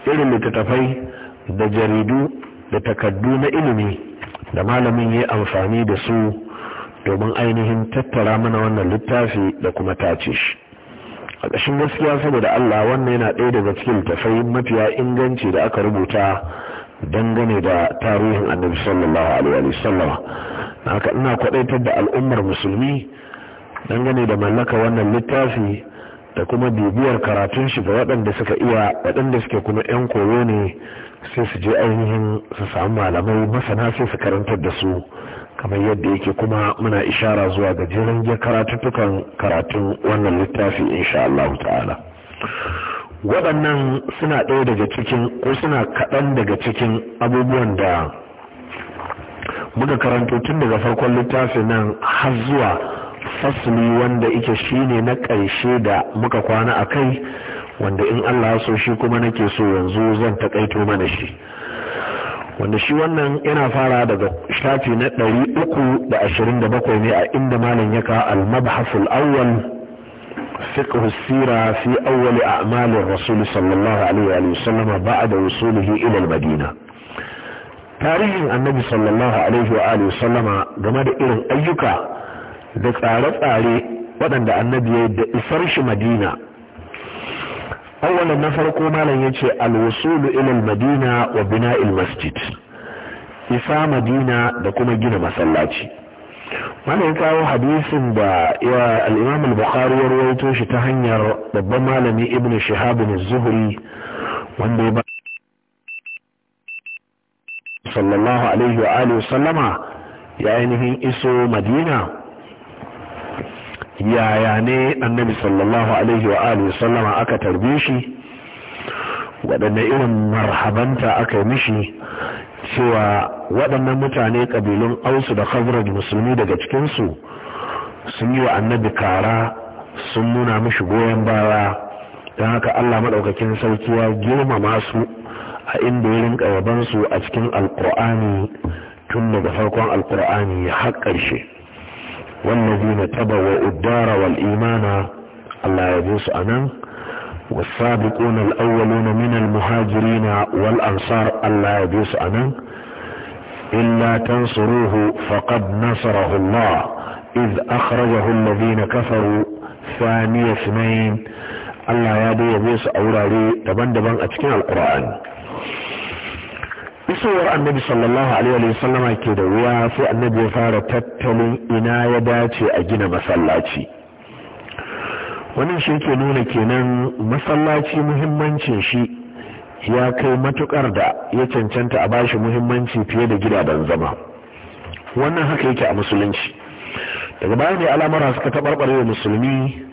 irin littattafai da jaridu da takaddu na ilimi da malamin ya amfani da su domin ainihin tattara mana wannan littafi da kuma tace shi a ƙashin gaskiya saboda Allah wannan yana ɗaya daga cikin tafai mafiya inganci da aka rubuta dangane da tarihin annabi sallallahu alaihi wa sallam haka ina kwadaitar da al'ummar musulmi dangane da mallaka wannan littafi da kuma bibiyar karatun shi ga waɗanda suka iya waɗanda suke kuma 'yan koyo ne sai su je ainihin su samu malamai masana sai su karantar da su kamar yadda yake kuma muna ishara zuwa ga jiran karatuttukan karatun wannan littafi insha Allah ta'ala waɗannan suna ɗaya daga cikin ko suna kaɗan daga cikin abubuwan da muka karanto tun daga farkon littafi nan har zuwa fasli wanda ike shine na ƙarshe da muka kwana a kai wanda in Allah so shi kuma nake so yanzu zan taƙaito mana shi wanda shi wannan yana fara daga shafi na ɗari uku da ashirin da bakwai ne a inda malam ya ka al-mabhasul awwal fiqh sira fi awwal a'mal ar-rasul sallallahu alaihi wa sallam ba'da wusulihi ila al-madina tarihin annabi sallallahu alaihi wa sallam game da irin ayyuka da tsare-tsare waɗanda annabi ya da isar shi madina awwalan na farko malam ya ce wusulu ila madina wa bina'il masjid isa madina da kuma gina masallaci malam ya kawo hadisin da ya al-imam bukhari ya shi ta hanyar babban malami ibnu shihab az-zuhri wanda ya sallallahu alaihi wa alihi sallama ya ainihin iso madina yaya ne annabi sallallahu alaihi wa alihi sallama aka tarbe shi waɗanne irin marhabanta aka yi mishi cewa waɗannan mutane ƙabilun ausu da khazraj musulmi daga cikinsu sun yi wa annabi kara sun nuna mishi goyon baya don haka allah maɗaukakin sarki girmama su a inda ya rinka a cikin alƙur'ani tun daga farkon alƙur'ani har ƙarshe والذين تبوا الدار والإيمان الله يبوس أنا والسابقون الأولون من المهاجرين والأنصار الله يبوس أنا إلا تنصروه فقد نصره الله إذ أخرجه الذين كفروا ثاني اثنين الله يبوس أولادي دبن دبن أتكين القرآن isowar annabi sallallahu alaihi wa sallama ke da ruwa sai annabi ya fara tattalin ina ya dace a gina masallaci wannan shi ke nuna kenan masallaci muhimmancin shi ya kai matukar da ya cancanta a bashi muhimmanci fiye da gidajen zama wannan haka yake a musulunci daga baya ne al'amara suka tabarbare da musulmi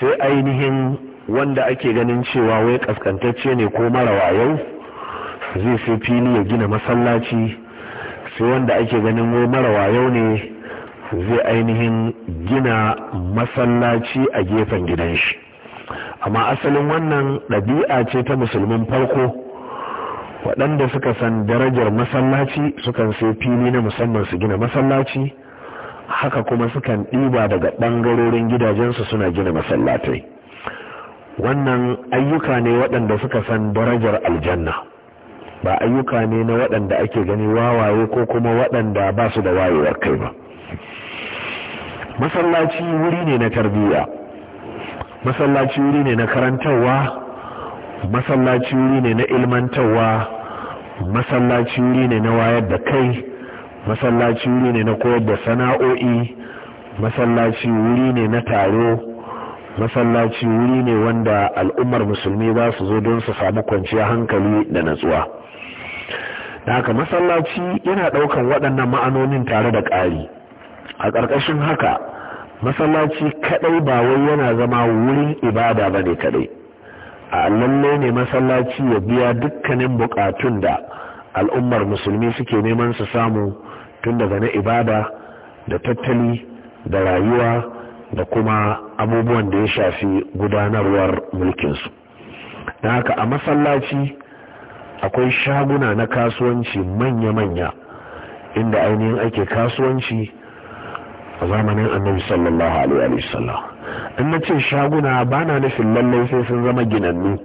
sai ainihin wanda ake ganin cewa wai kaskantacce ne ko mara wayau zai sai fili ya gina masallaci sai wanda ake ganin wai mara wayo ne zai ainihin gina masallaci a gefen gidan shi amma asalin wannan ɗabi'a ce ta musulmin farko waɗanda suka san darajar masallaci sukan sai fili na musamman su gina masallaci haka kuma sukan ɗiba daga ɓangarorin gidajensu suna gina masallatai wannan ayyuka ne waɗanda suka san darajar aljanna ba ayyuka ne na waɗanda ake gani wawaye ko kuma waɗanda ba su da wayewar kai ba masallaci wuri ne na tarbiyya masallaci wuri ne na karantarwa masallaci wuri ne na ilmantarwa masallaci wuri ne na wayar da kai masallaci wuri ne na koyar da sana'o'i masallaci wuri ne na taro masallaci wuri ne wanda al'ummar musulmi za su zo don su samu kwanciyar hankali da natsuwa da haka masallaci yana ɗaukan waɗannan ma'anonin tare da ƙari a ƙarƙashin haka masallaci kaɗai ba wai yana zama wurin ibada ba ne kaɗai a lalle ne masallaci ya biya dukkanin buƙatun da al'ummar musulmi suke neman su samu tun daga na ibada da tattali da rayuwa da kuma abubuwan da ya shafi gudanarwar mulkinsu da haka a masallaci akwai shaguna na kasuwanci manya-manya inda ainihin ake kasuwanci a zamanin annabi sallallahu alaihi wasallam in na ce shaguna ba na nufin lallai sai sun zama ginannu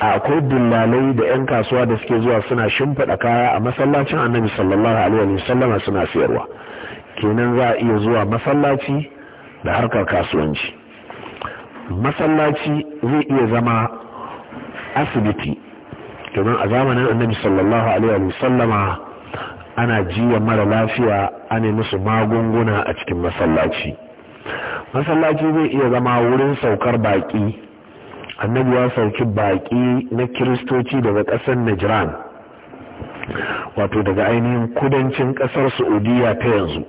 akwai dillalai da 'yan kasuwa da suke zuwa suna shimfiɗa kaya a masallacin annabi sallallahu alaihi wasallam suna siyarwa kenan za a iya zuwa masallaci da harkar kasuwanci masallaci zai iya zama asibiti domin a zamanin annabi sallallahu alaihi sallama ana jiya mara lafiya ne musu magunguna a cikin masallaci masallaci zai iya zama wurin saukar baki annabi ya sauki baki na kiristoci daga ƙasar najran wato daga ainihin kudancin ƙasar saudiya ta yanzu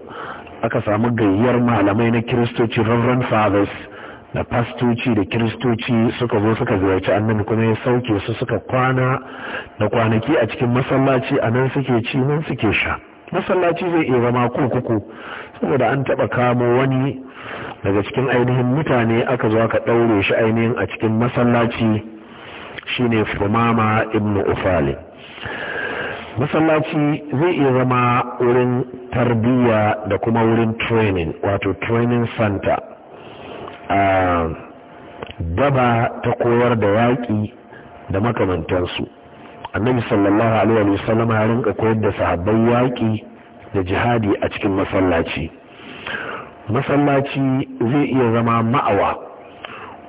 aka samu gayyar malamai na kiristoci reverend fathers da fastoci da kiristoci suka zo suka ziyarci annabi kuma ya sauke su suka kwana da kwanaki a cikin masallaci a nan suke ci nan suke sha masallaci zai iya zama kurkuku saboda an taba kamo wani daga cikin ainihin mutane aka zo aka ɗaure shi ainihin a cikin masallaci shine fumama ibn ufali masallaci zai iya zama wurin tarbiyya da kuma wurin training wato training center daba ta koyar da yaƙi da makamantansu annabi sallallahu alaihi wa sallam ya rinka koyar da sahabbai yaƙi da jihadi a cikin masallaci masallaci zai iya zama ma'awa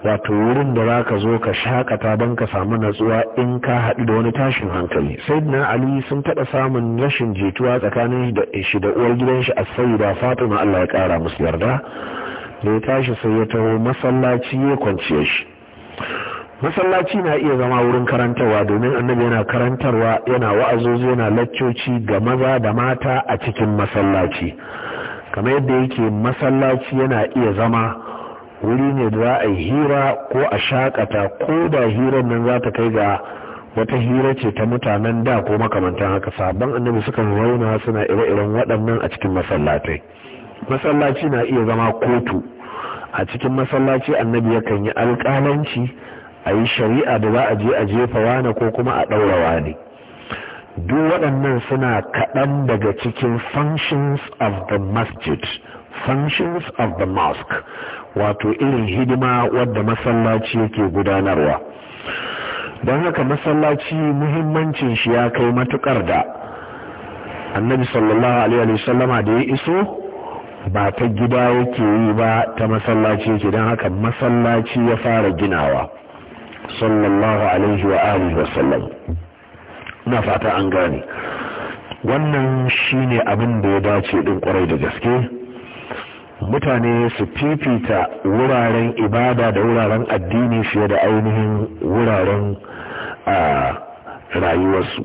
wato wurin da zaka zo ka shakata don ka samu natsuwa in ka haɗu da wani tashin hankali sai na ali sun taɓa samun rashin jituwa tsakanin shi da uwar gidan shi a sayyida fatima allah ya ƙara musu yarda da tashi sai ya taho masallaci ya kwanciya shi masallaci na iya zama wurin karantarwa domin annabi yana karantarwa yana wa'azozi yana laccoci ga maza da mata a cikin masallaci kamar yadda yake masallaci yana iya zama wuri ne da za a hira ko a shakata ko da hirar nan za ta kai ga wata hira ce ta mutanen da ko makamantan haka sabon annabi suka zauna suna ire-iren waɗannan a cikin masallatai masallaci na iya zama kotu a cikin masallaci annabi yakan yi alƙalanci a yi shari'a da za a je a jefa wane ko kuma a ɗaurawa ne duk waɗannan suna kaɗan daga cikin functions of the masjid functions of the mosque wato irin hidima wadda masallaci yake gudanarwa don haka masallaci muhimmancin shi ya kai matukar da annabi sallallahu alaihi wasallama da ya iso ba ta gida yake yi ba ta masallaci yake don haka masallaci ya fara ginawa sallallahu alaihi wa alihi wa sallam na fata an gane wannan shine abin da ya dace din kwarai da gaske mutane su fifita wuraren ibada da wuraren addini fiye da ainihin wuraren a ah, rayuwarsu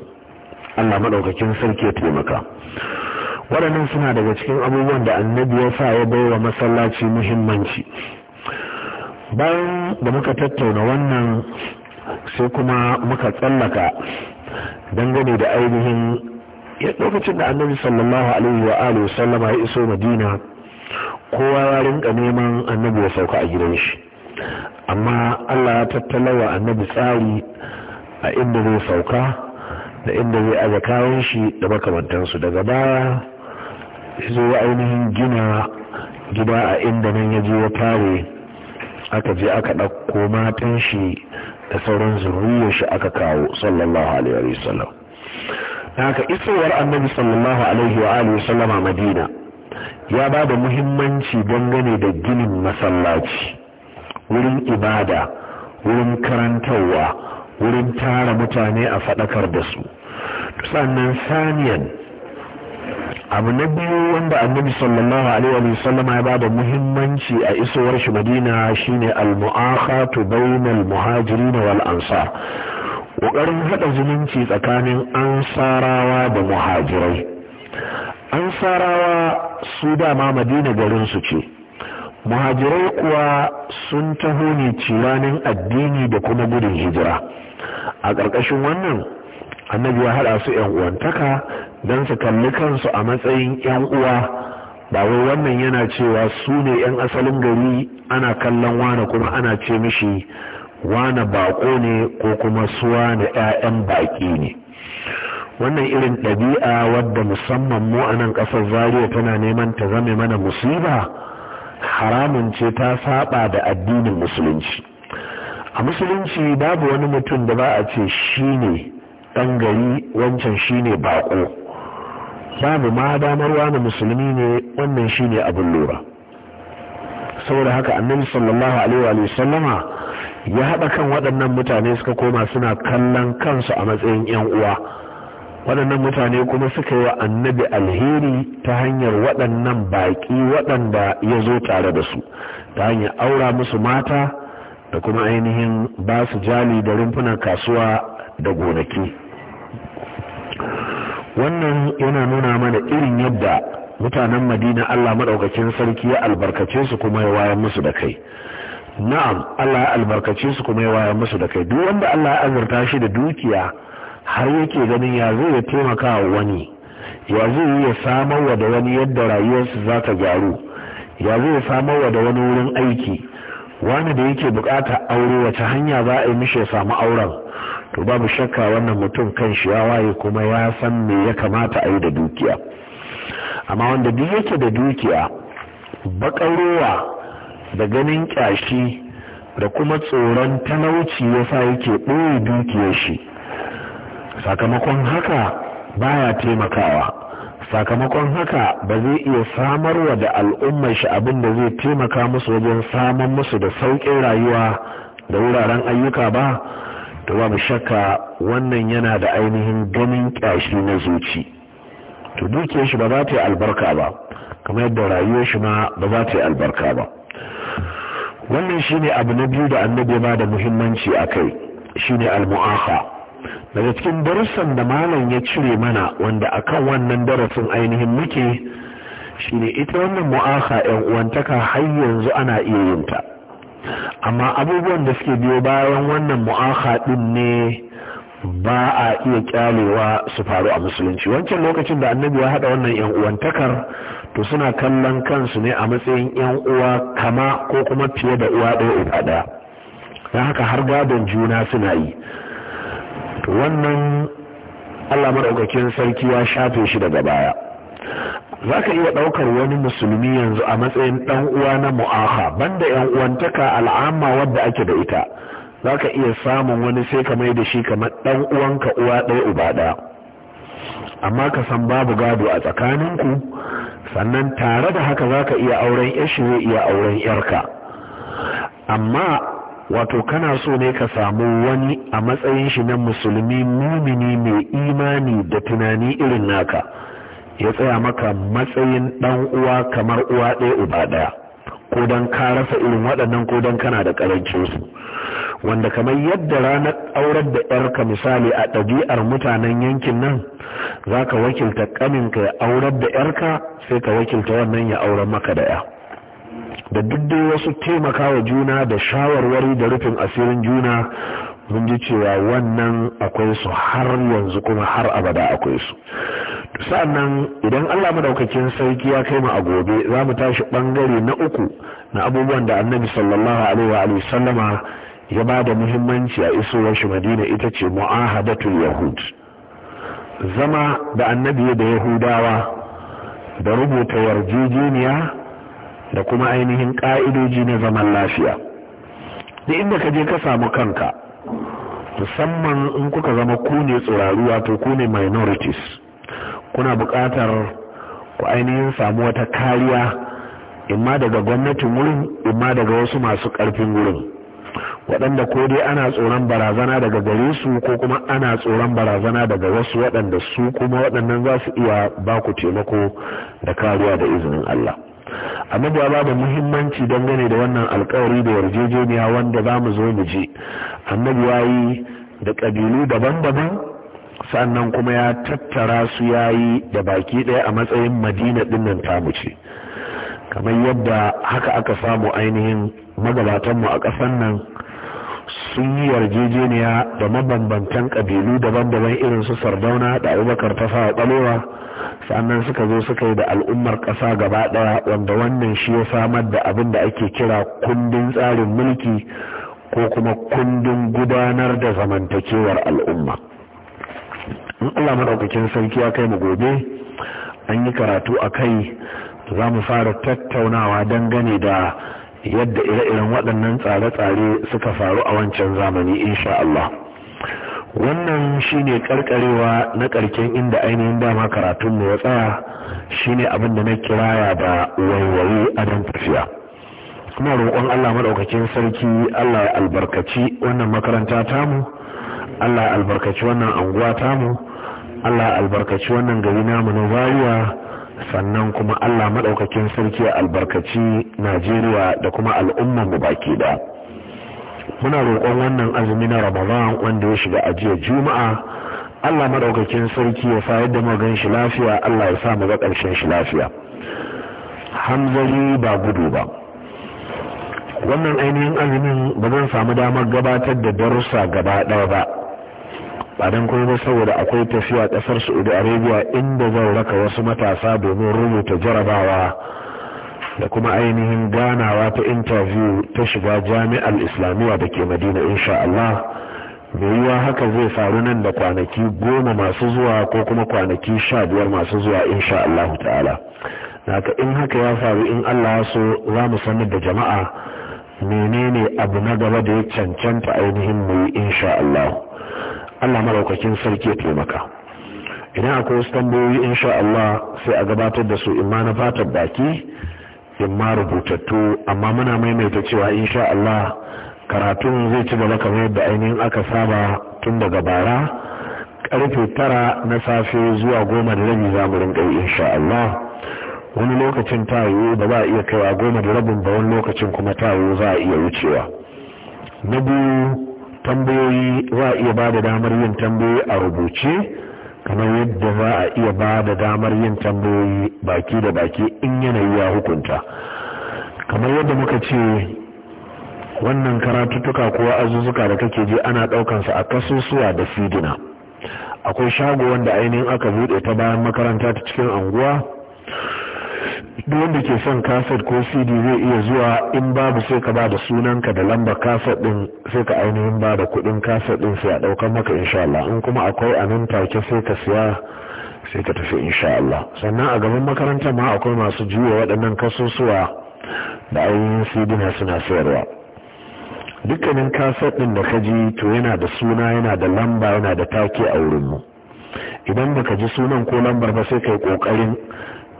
Allah maɗaukakin sarki ya taimaka waɗannan suna daga cikin abubuwan da annabi ya sa ya baiwa masallaci muhimmanci bayan da muka tattauna wannan sai kuma muka tsallaka dangane da ainihin lokacin da annabi sallallahu alaihi wa alihi sallama ya iso madina kowa ya rinka neman annabi ya sauka a gidan shi amma Allah ya tattala wa annabi tsari a inda zai sauka da inda zai aga kayan shi da makamantansu daga baya zo ainihin gina gida a inda nan ya je ya tare aka je aka ɗauko matan shi da sauran zuriyar shi aka kawo sallallahu alaihi wa sallam haka isowar annabi sallallahu alaihi wa alihi sallama madina ya ba da muhimmanci dangane da ginin masallaci wurin ibada wurin karantarwa wurin tara mutane a faɗakar da su sannan saniyan abu na biyu wanda annabi sallallahu alaihi wa sallama ya bada muhimmanci a isowar shi madina shine al-mu'akhatu bainal muhajirin wal ansar kokarin hada zumunci tsakanin ansarawa da muhajirai ansarawa su dama madina garin su ce muhajirai kuwa sun taho ne ciranin addini da kuma gudun hijira a ƙarƙashin wannan annabi ya haɗa su ‘yan uwantaka don su kalli kansu a matsayin ‘yan uwa ba wai wannan yana cewa su ne ‘yan asalin gari ana kallon wane kuma ana ce mishi wane bako ne ko kuma su wane ‘ya'yan baƙi ne wannan irin ɗabi'a wadda musamman mu a nan ƙasar zariya tana neman ta zame mana musiba haramun ce ta saba da addinin musulunci a musulunci babu wani mutum da ba a ce shi ne ɗan gari wancan shine baƙo babu ma damar wani musulmi ne wannan shine abin lura saboda haka annabi sallallahu alaihi wa sallama ya haɗa kan waɗannan mutane suka koma suna kallon kansu a matsayin 'yan uwa waɗannan mutane kuma suka yi wa annabi alheri ta hanyar waɗannan baƙi waɗanda ya zo tare da su ta hanyar aura musu mata da kuma ainihin ba su jali da rumfunan kasuwa da gonaki wannan yana nuna mana irin yadda mutanen madina allah maɗaukakin sarki ya albarkace su kuma ya wayar musu da kai na'am allah ya albarkace su kuma ya wayar musu da kai duk wanda allah ya azurta shi da dukiya har yake ganin ya zai ya taimaka wa wani ya zai ya samar wa da wani yadda rayuwarsu za ta gyaru ya zai samar wa da wani wurin aiki wani da yake bukata aure wace hanya za a yi mishi ya samu auren to babu shakka wannan mutum kan shi ya waye kuma ya san me ya kamata a yi da dukiya amma wanda duk yake da dukiya bakarowa da ganin kyashi da kuma tsoron talauci ya sa yake ɓoye dukiyar shi sakamakon haka baya taimakawa sakamakon haka ba zai iya samarwa da al'ummar shi abin da zai taimaka musu wajen saman musu da sauƙin rayuwa da wuraren ayyuka ba to babu shakka wannan yana da ainihin ganin kyashi na zuci to dukiyar shi ba za ta yi albarka ba kamar yadda rayuwar shi ma ba za ta yi albarka ba wannan shine abu na biyu da annabi ba da muhimmanci a kai shine ne muakha daga cikin darussan da malam ya cire mana wanda akan wannan darasin ainihin muke shine ita wannan mu'aka yan uwantaka har yanzu ana iya yin ta amma abubuwan da suke biyo bayan wannan mu'aha din ne ba a iya kyalewa su faru a musulunci wancan lokacin da annabi ya hada wannan yan uwantakar to suna kallon kansu ne a matsayin yan uwa kama ko kuma fiye da uwa ɗaya uba ɗaya don haka har gadon juna suna yi wannan allah maɗaukakin sarki ya shafe shi daga baya za ka iya ɗaukar wani musulmi yanzu a matsayin ɗan uwa na mu'aha banda yan uwantaka al'amma wadda ake da ita za ka iya samun wani sai ka mai da shi kamar ɗan uwanka uwa ɗaya uba ɗaya amma ka san babu gado a tsakaninku sannan tare da haka za ka iya auren yashi zai iya auren yarka amma wato kana so ne ka samu wani a matsayin shi na musulmi mumini mai imani da tunani irin naka ya tsaya maka matsayin ɗan uwa kamar uwa ɗaya uba ɗaya ko don ka rasa irin waɗannan ko don kana da ƙarancin su wanda kamar yadda ranar aurar da yarka misali a ɗabi'ar mutanen yankin nan za ka wakilta ka ya aurar da yarka sai ka wakilta wannan ya auren maka da ya da duk dai wasu taimakawa juna da shawarwari da rufin asirin juna mun ji cewa wannan akwai su har yanzu kuma har abada akwai su sannan idan Allah madaukakin sarki ya kai mu a gobe za mu tashi bangare na uku na abubuwan da annabi sallallahu alaihi wa sallama ya ba da muhimmanci a isowar shi madina ita ce mu'ahadatul yahud zama da annabi da yahudawa da rubuta yarjejeniya da kuma ainihin ka'idoji na zaman lafiya da inda ka je ka samu kanka musamman in kuka zama ku ne tsoraruwa to ku ne minorities kuna buƙatar ku ainihin samu wata kariya imma daga gwamnatin wurin imma daga wasu masu ƙarfin wurin waɗanda ko dai ana tsoron barazana daga gare su ko kuma ana tsoron barazana daga wasu waɗanda su kuma waɗannan za su iya ba ku taimako da kariya da izinin Allah amma ya bada muhimmanci dangane da wannan alkawari da yarjejeniya wanda za mu zo mu ji annabi ya da ƙabilu daban-daban sannan kuma ya tattara su ya yi da baki ɗaya a matsayin madina dinnan tamu ce kamar yadda haka aka samu ainihin magabatanmu a ƙasar nan sun yi yarjejeniya da mabambantan ƙabilu daban-daban irin su sardauna da abubakar ta fara ɓalewa sannan suka zo suka yi da al'ummar ƙasa gaba ɗaya wanda wannan shi ya samar da abin da ake kira kundin tsarin mulki ko kuma kundin gudanar da zamantakewar al'umma in Allah madaukakin sarki ya kai mu gobe an yi karatu a kai za mu fara tattaunawa dangane da yadda ire-iren waɗannan tsare-tsare suka faru a wancan zamani insha Allah wannan shi ne karkarewa na ƙarken inda ainihin dama karatun mu ya tsaya shine abin da na kiraya da waiwaye a don tafiya kuma roƙon Allah maɗaukakin sarki Allah ya albarkaci wannan makaranta tamu Allah albarkaci wannan anguwa mu. Allah albarkaci wannan gari namu na rayuwa sannan kuma Allah maɗaukakin sarki albarkaci Najeriya da kuma al'ummar mu baki da muna roƙon wannan azumi na Ramadan wanda ya shiga ajiya Juma'a Allah maɗaukakin sarki ya sayar da magan shi lafiya Allah ya sa mu ga ƙarshen shi lafiya Hamzari ba gudu ba wannan ainihin azumin ba zan samu damar gabatar da darussa gaba ɗaya ba ba don kuma ba saboda akwai tafiya kasar saudi arabia inda zan raka wasu matasa domin rubuta jarabawa da kuma ainihin ganawa ta interview ta shiga jami'ar islamiyya da ke madina insha Allah yiwuwa haka zai faru nan da kwanaki goma masu zuwa ko kuma kwanaki sha biyar masu zuwa insha Allah ta'ala naka in haka ya faru in Allah so za mu sanar da jama'a menene abu na gaba da ya cancanta ainihin mu insha Allah Allah maraukakin sarki ya taimaka idan akwai wasu tambayoyi insha Allah sai a gabatar da su imma na fatar baki imma rubutattu amma muna maimaita cewa insha Allah karatun zai ci gaba kamar yadda ainihin aka saba tun daga bara karfe tara na safe zuwa goma da rabi za mu rinka insha Allah wani lokacin ta yiwu ba za a iya kaiwa goma da rabin ba wani lokacin kuma ta yiwu za a iya wucewa na biyu tambayoyi za a iya ba da damar yin tambayoyi a rubuce kamar yadda za a iya ba da damar yin tambayoyi baki da baki in yanayi ya hukunta kamar yadda muka ce wannan karatuttuka ko azuzuka da kake je ana ɗaukansa a kasusuwa da sidina akwai shago wanda ainihin aka buɗe ta bayan makaranta ta cikin anguwa duk wanda ke son kaset ko cd zai iya zuwa in babu sai ka ba da sunanka da lamba kaset din sai ka ainihin ba da kudin kaset din sai a daukar maka insha Allah in kuma akwai a nan take sai ka siya sai ka tafi insha Allah sannan a gaban makaranta ma akwai masu juya waɗannan kasusuwa da ainihin cd na suna sayarwa dukkanin kaset din da ka ji to yana da suna yana da lamba yana da take a wurin mu idan baka ji sunan ko lambar ba sai kai kokarin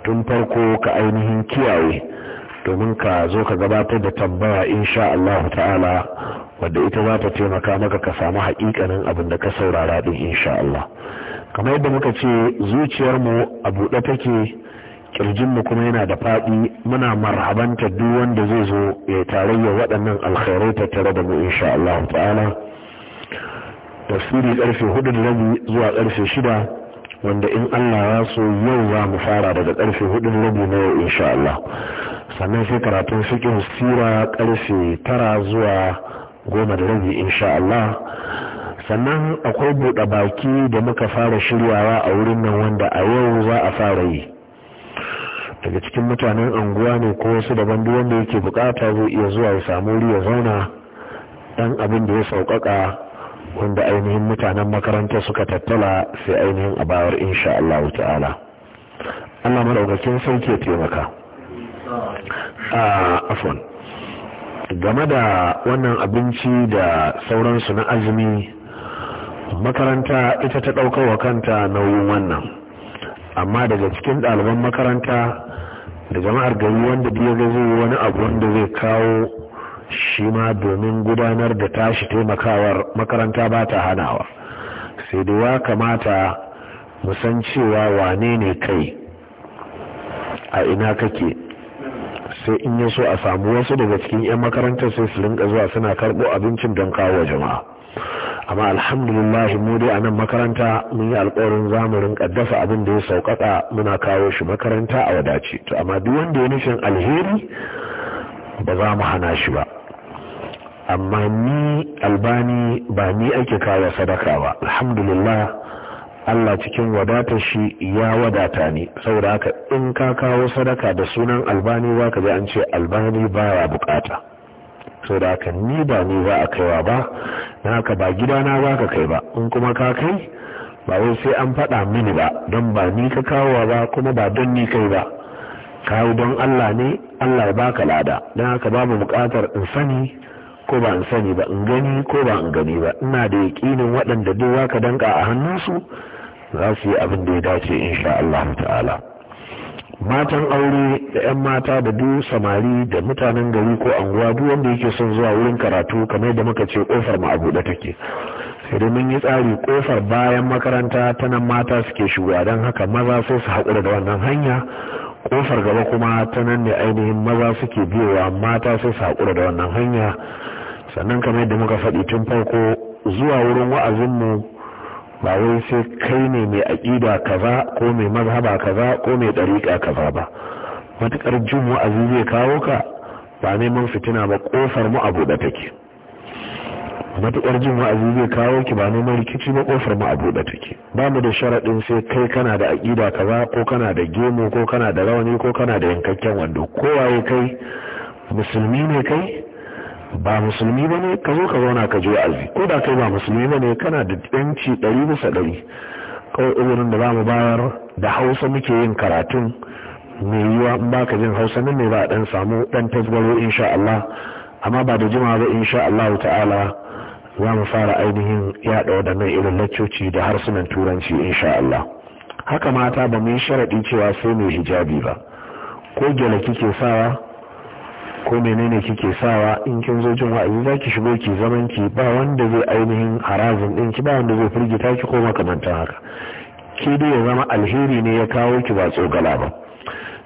tun farko ka ainihin kiyaye domin ka zo ka gabatar da tambaya insha Allah ta'ala wadda ita za ta taimaka maka ka samu haƙiƙanin abin da ka saurara din insha Allah kamar yadda muka ce zuciyarmu a buɗe take mu kuma yana da faɗi muna marhabanta duk wanda zai zo ya tarayya waɗannan alkhairai tattare da mu insha Allah ta'ala tasiri karfe hudu da rabi zuwa karfe shida wanda in Allah ya so yau za mu fara daga karfe hudun rabi na yau insha Allah sannan sai karatun fiqh sira karfe tara zuwa goma da rabi insha Allah sannan akwai buɗe baki da muka fara shiryawa a wurin nan wanda a yau za a fara yi daga cikin mutanen anguwa ne ko wasu daban duk wanda yake bukata zai iya zuwa ya samu wuri ya zauna dan abin da ya sauƙaƙa wanda ainihin mutanen makaranta suka tattala sai ainihin a bayar insha Allah ta'ala Allah madaukakin sauke taimaka a ah, afon game da wannan abinci da sauransu na azumi makaranta ita ta wa kanta nauyin wannan amma daga cikin ɗaliban makaranta da jama'ar gari wanda biya zai wani abu wanda zai kawo shi ma domin gudanar da tashi taimakawar makaranta ba ta hanawa sai da ya kamata musan cewa wane ne kai a ina kake sai in yaso a samu wasu daga cikin 'yan makarantar sai su rinka zuwa suna karɓo abincin don kawo jama'a amma alhamdulillah mu dai a nan makaranta mun yi alƙawarin zamu rinka dafa abin da ya sauƙaƙa muna kawo shi makaranta a wadace to amma duk wanda ya nufin alheri ba za mu hana shi ba amma ni albani ba ni ake kawo sadaka ba alhamdulillah Allah cikin wadatar shi ya wadata ni saboda haka in ka kawo sadaka da sunan albani za ka ji an ce albani baya bukata saboda haka ni ba ni za a kaiwa ba na haka ba gidana za ka kai ba in kuma ka kai ba wai sai an faɗa mini ba don ba ni ka kawo ba kuma ba don ni kai ba kayi don Allah ne Allah ya baka lada don haka babu bukatar in sani ko ba in sani ba in gani ko ba in gani ba ina da yakinin waɗanda duk ka danka a hannunsu za su yi abin da ya dace insha Allah ta'ala matan aure da 'yan mata da duk samari da mutanen gari ko anguwa duk wanda yake son zuwa wurin karatu kamar da muka ce kofar mu a buɗe take sai dai mun yi tsari kofar bayan makaranta ta nan mata suke shiga don haka maza sai su haƙura da wannan hanya kofar gaba kuma ta nan ne ainihin maza suke biyowa mata sai haƙura da wannan hanya sannan kamar yadda muka faɗi tun farko zuwa wurin wa'azinmu ba wai sai kai ne mai aƙida kaza ko mai mazhaba kaza ko mai ɗariƙa kaza ba matuƙar jin wa'azi zai kawo ka ba neman fitina ba ƙofar mu buɗe da take matuƙar jin wa'azi zai kawo ki ba neman rikici ba kofar mu a buɗe take ba mu da sharaɗin sai kai kana da aƙida kaza ko kana da gemu ko kana da rawani ko kana da yankakken wando kowaye kai musulmi ne kai ba musulmi ba ne ka zo ka zauna ka ji wa'azi ko da kai ba musulmi ba ne kana da ɗanci ɗari bisa ɗari kawai izinin da za mu bayar da hausa muke yin karatun mai yiwa in ba ka jin hausa nan ne ba a ɗan samu ɗan tasgaro insha Allah amma ba da jimawa ba insha Allah ta'ala za mu fara ainihin yada waɗannan irin laccoci da harsunan turanci insha Allah haka mata ba mu yi sharaɗi cewa sai mai hijabi ba ko gyale kike sawa ko menene kike sawa in kin zo jin wa'azi za ki shigo ki zaman ki ba wanda zai ainihin harazin ɗin ki ba wanda zai firgita ki ko makamantan haka ke dai ya zama alheri ne ya kawo ki ba tsogala ba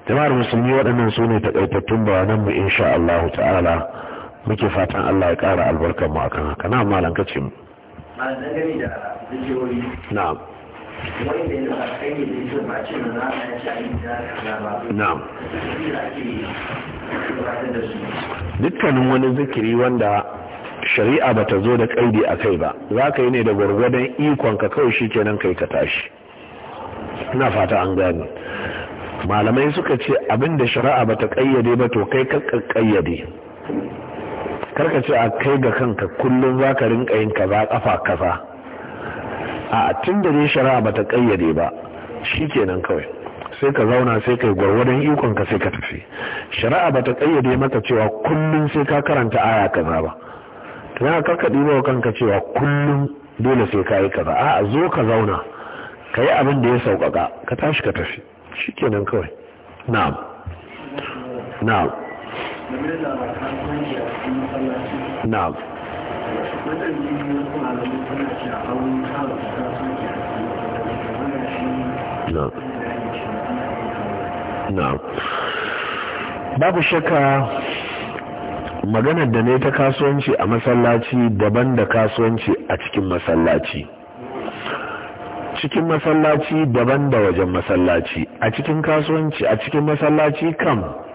jama'ar musulmi waɗannan su ne takaitattun bayanan mu insha Allah ta'ala muke fatan Allah ya ƙara albarkar mu akan haka na malam ka ce mu na'am na'am dukkanin wani zikiri wanda shari'a bata zo da kaidi a kai ba za ka yi ne da gwargwadon ikon ka kawai shi kenan kai ka tashi ina fata an gani malamai suka ce abinda shari'a bata kayyade ba to kai ka kayyade karka ce a kai ga kanka kullum za ka rinka yin kaza kafa kaza a tun da ne shari'a bata kayyade ba shi kenan kawai sai ka zauna sai kai gwargwadon ikon ka sai ka tafi shari'a bata kayyade maka cewa kullum sai ka karanta aya kaza ba tana karka ɗiba kanka cewa kullum dole sai ka yi kaza a zo ka zauna ka yi abin da ya sauƙaƙa ka tashi ka tafi shi kenan kawai na'am na'am babu shakka maganar da ne ta kasuwanci a masallaci daban da kasuwanci a cikin masallaci cikin masallaci daban da wajen masallaci a cikin kasuwanci a cikin masallaci kam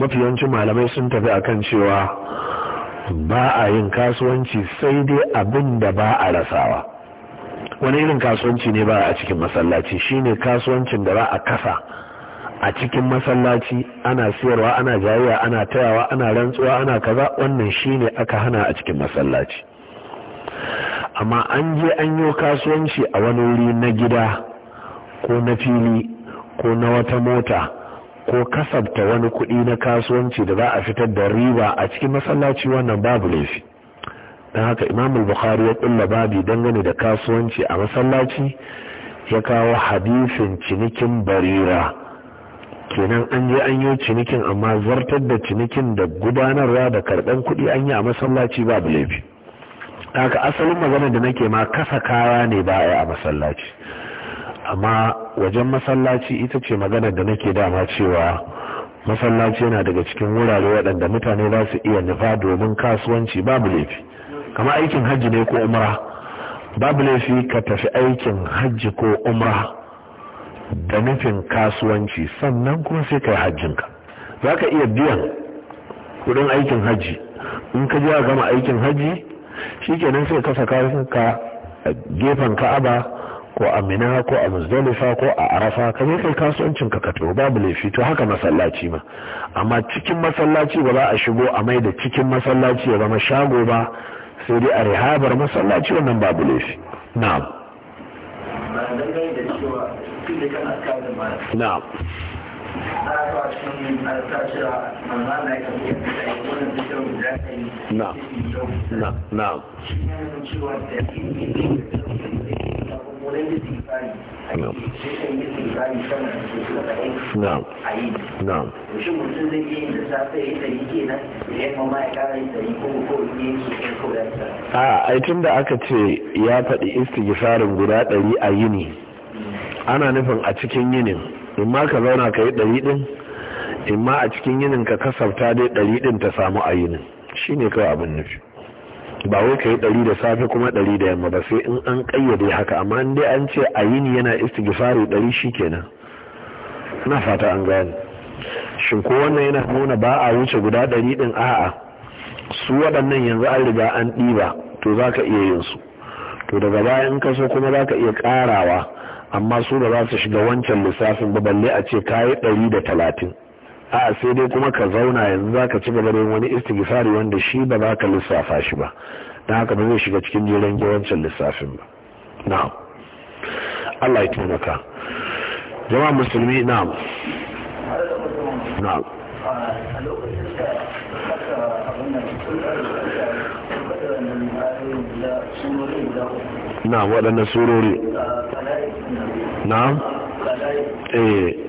mafi malamai sun tafi akan cewa ba a yin kasuwanci sai dai abin da ba a rasawa wani irin kasuwanci ne ba a cikin masallaci shine kasuwancin da ba a kasa a cikin masallaci ana siyarwa ana jayayya ana tayawa ana rantsuwa ana kaza wannan shine aka hana a cikin masallaci amma an je an yi kasuwanci a wani wuri na gida ko na fili ko na wata mota ko kasabta wani kuɗi na kasuwanci da za a fitar da riba a cikin masallaci wannan babu laifi don haka imam bukhari ya kulla babi dangane da kasuwanci a masallaci ya kawo hadisin cinikin barira kenan an je an yi cinikin amma zartar da cinikin da gudanarwa da karɓar kuɗi an yi a masallaci babu laifi haka asalin magana da nake ma kasa kaya ne ba a masallaci amma wajen masallaci ita ce maganar da nake dama cewa masallaci yana daga cikin wurare waɗanda mutane za su iya nufa domin kasuwanci babu laifi kama aikin hajji ne ko umra babu laifi ka tafi aikin hajji ko umra da nufin kasuwanci sannan kuma sai ka yi hajjinka za ka iya biyan kudin aikin hajji in ka je a gama aikin hajji shi kenan sai ka saka ka gefen ka'aba ko a mina ko a musdalifa ko a arafa ka kai kasuwancin ka ka babu laifi to haka masallaci ma amma cikin masallaci ba za a shigo a mai da cikin masallaci ya zama shago ba sai dai a rihabar masallaci wannan babu laifi na'am na'am na'am na'am wurin istighfari a yi da aka ce ya faɗi istighfarin guda ɗari a yini ana nufin a cikin yinin in ma ka zauna ka yi ɗari ɗin in ma a cikin yinin ka kasafta dai ɗari ɗin ta samu a yinin shi ne kawai abin nufi ba wai kai ɗari da safe kuma ɗari da yamma ba sai in an ƙayyade haka amma in dai an ce a yini yana istighfari ɗari shi kenan na fata an gane shin ko wannan yana nuna ba a wuce guda ɗari ɗin a'a su waɗannan yanzu an riga an ɗiba to za ka iya yin su to daga baya in ka kuma za ka iya ƙarawa amma su ba za su shiga wancan lissafin ba balle a ce ka yi ɗari da talatin a sai dai kuma ka zauna yanzu za ka ci gaba da wani istighfari wanda shi ba za ka lissafa shi ba don haka ba zai shiga cikin jiran yawancin lissafin ba na'am Allah ya taimaka jama musulmi na'am na'am na waɗannan surori na eh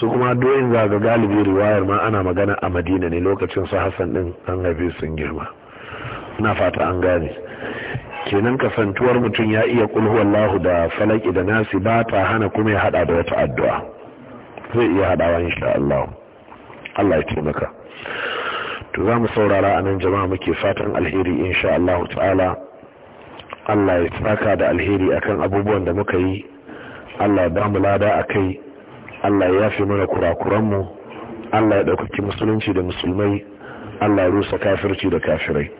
su kuma doyin za ga galibi riwayar ma ana magana a madina ne lokacin su hassan din an haife sun girma na fata an gane kenan kasantuwar mutum ya iya wallahu da falaki da nasi ba ta hana kuma ya hada da wata addu'a zai iya hadawa insha Allah Allah ya taimaka to za mu saurara a nan jama'a muke fatan alheri insha Allah ta'ala Allah ya tsaka da alheri akan abubuwan da muka yi Allah ya ba mu lada akai Allah ya fi mana kurakuranmu Allah ya ɗaukaki musulunci da musulmai Allah ya rusa kafirci da kafirai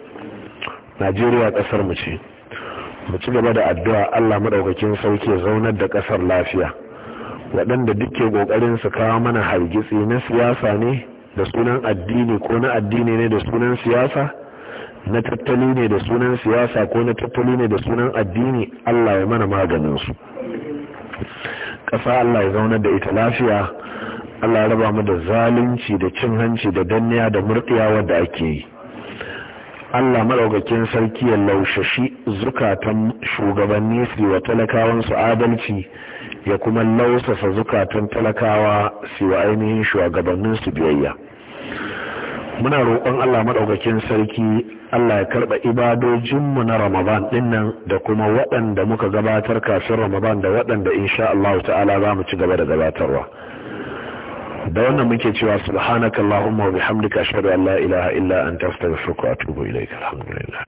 Najeriya ƙasar mu ce mu ci gaba da addu'a Allah maɗaukakin sauke zaunar da ƙasar lafiya waɗanda duke ƙoƙarin su kawo mana hargitsi na siyasa ne da sunan addini ko na addini ne da sunan siyasa na tattali ne da sunan siyasa ko na tattali ne da sunan addini Allah ya mana maganin su. ƙasa Allah ya zauna da ita lafiya Allah ya raba mu da zalunci da cin hanci da danniya da murƙiya wadda ake yi Allah maɗaukakin sarki ya laushashi zukatan shugabanni su wa talakawan su adalci ya kuma lausasa zukatan talakawa su wa ainihin shugabannin su biyayya muna roƙon Allah maɗaukakin sarki Allah ya karɓa ibadojinmu na Ramadan ɗinnan da kuma waɗanda muka gabatar kafin Ramadan da waɗanda insha Allah ta'ala za mu ci gaba da gabatarwa. Da wannan muke cewa subhanaka Allahumma wa bihamdika ashhadu an la ilaha illa anta astaghfiruka wa atubu ilayka alhamdulillah.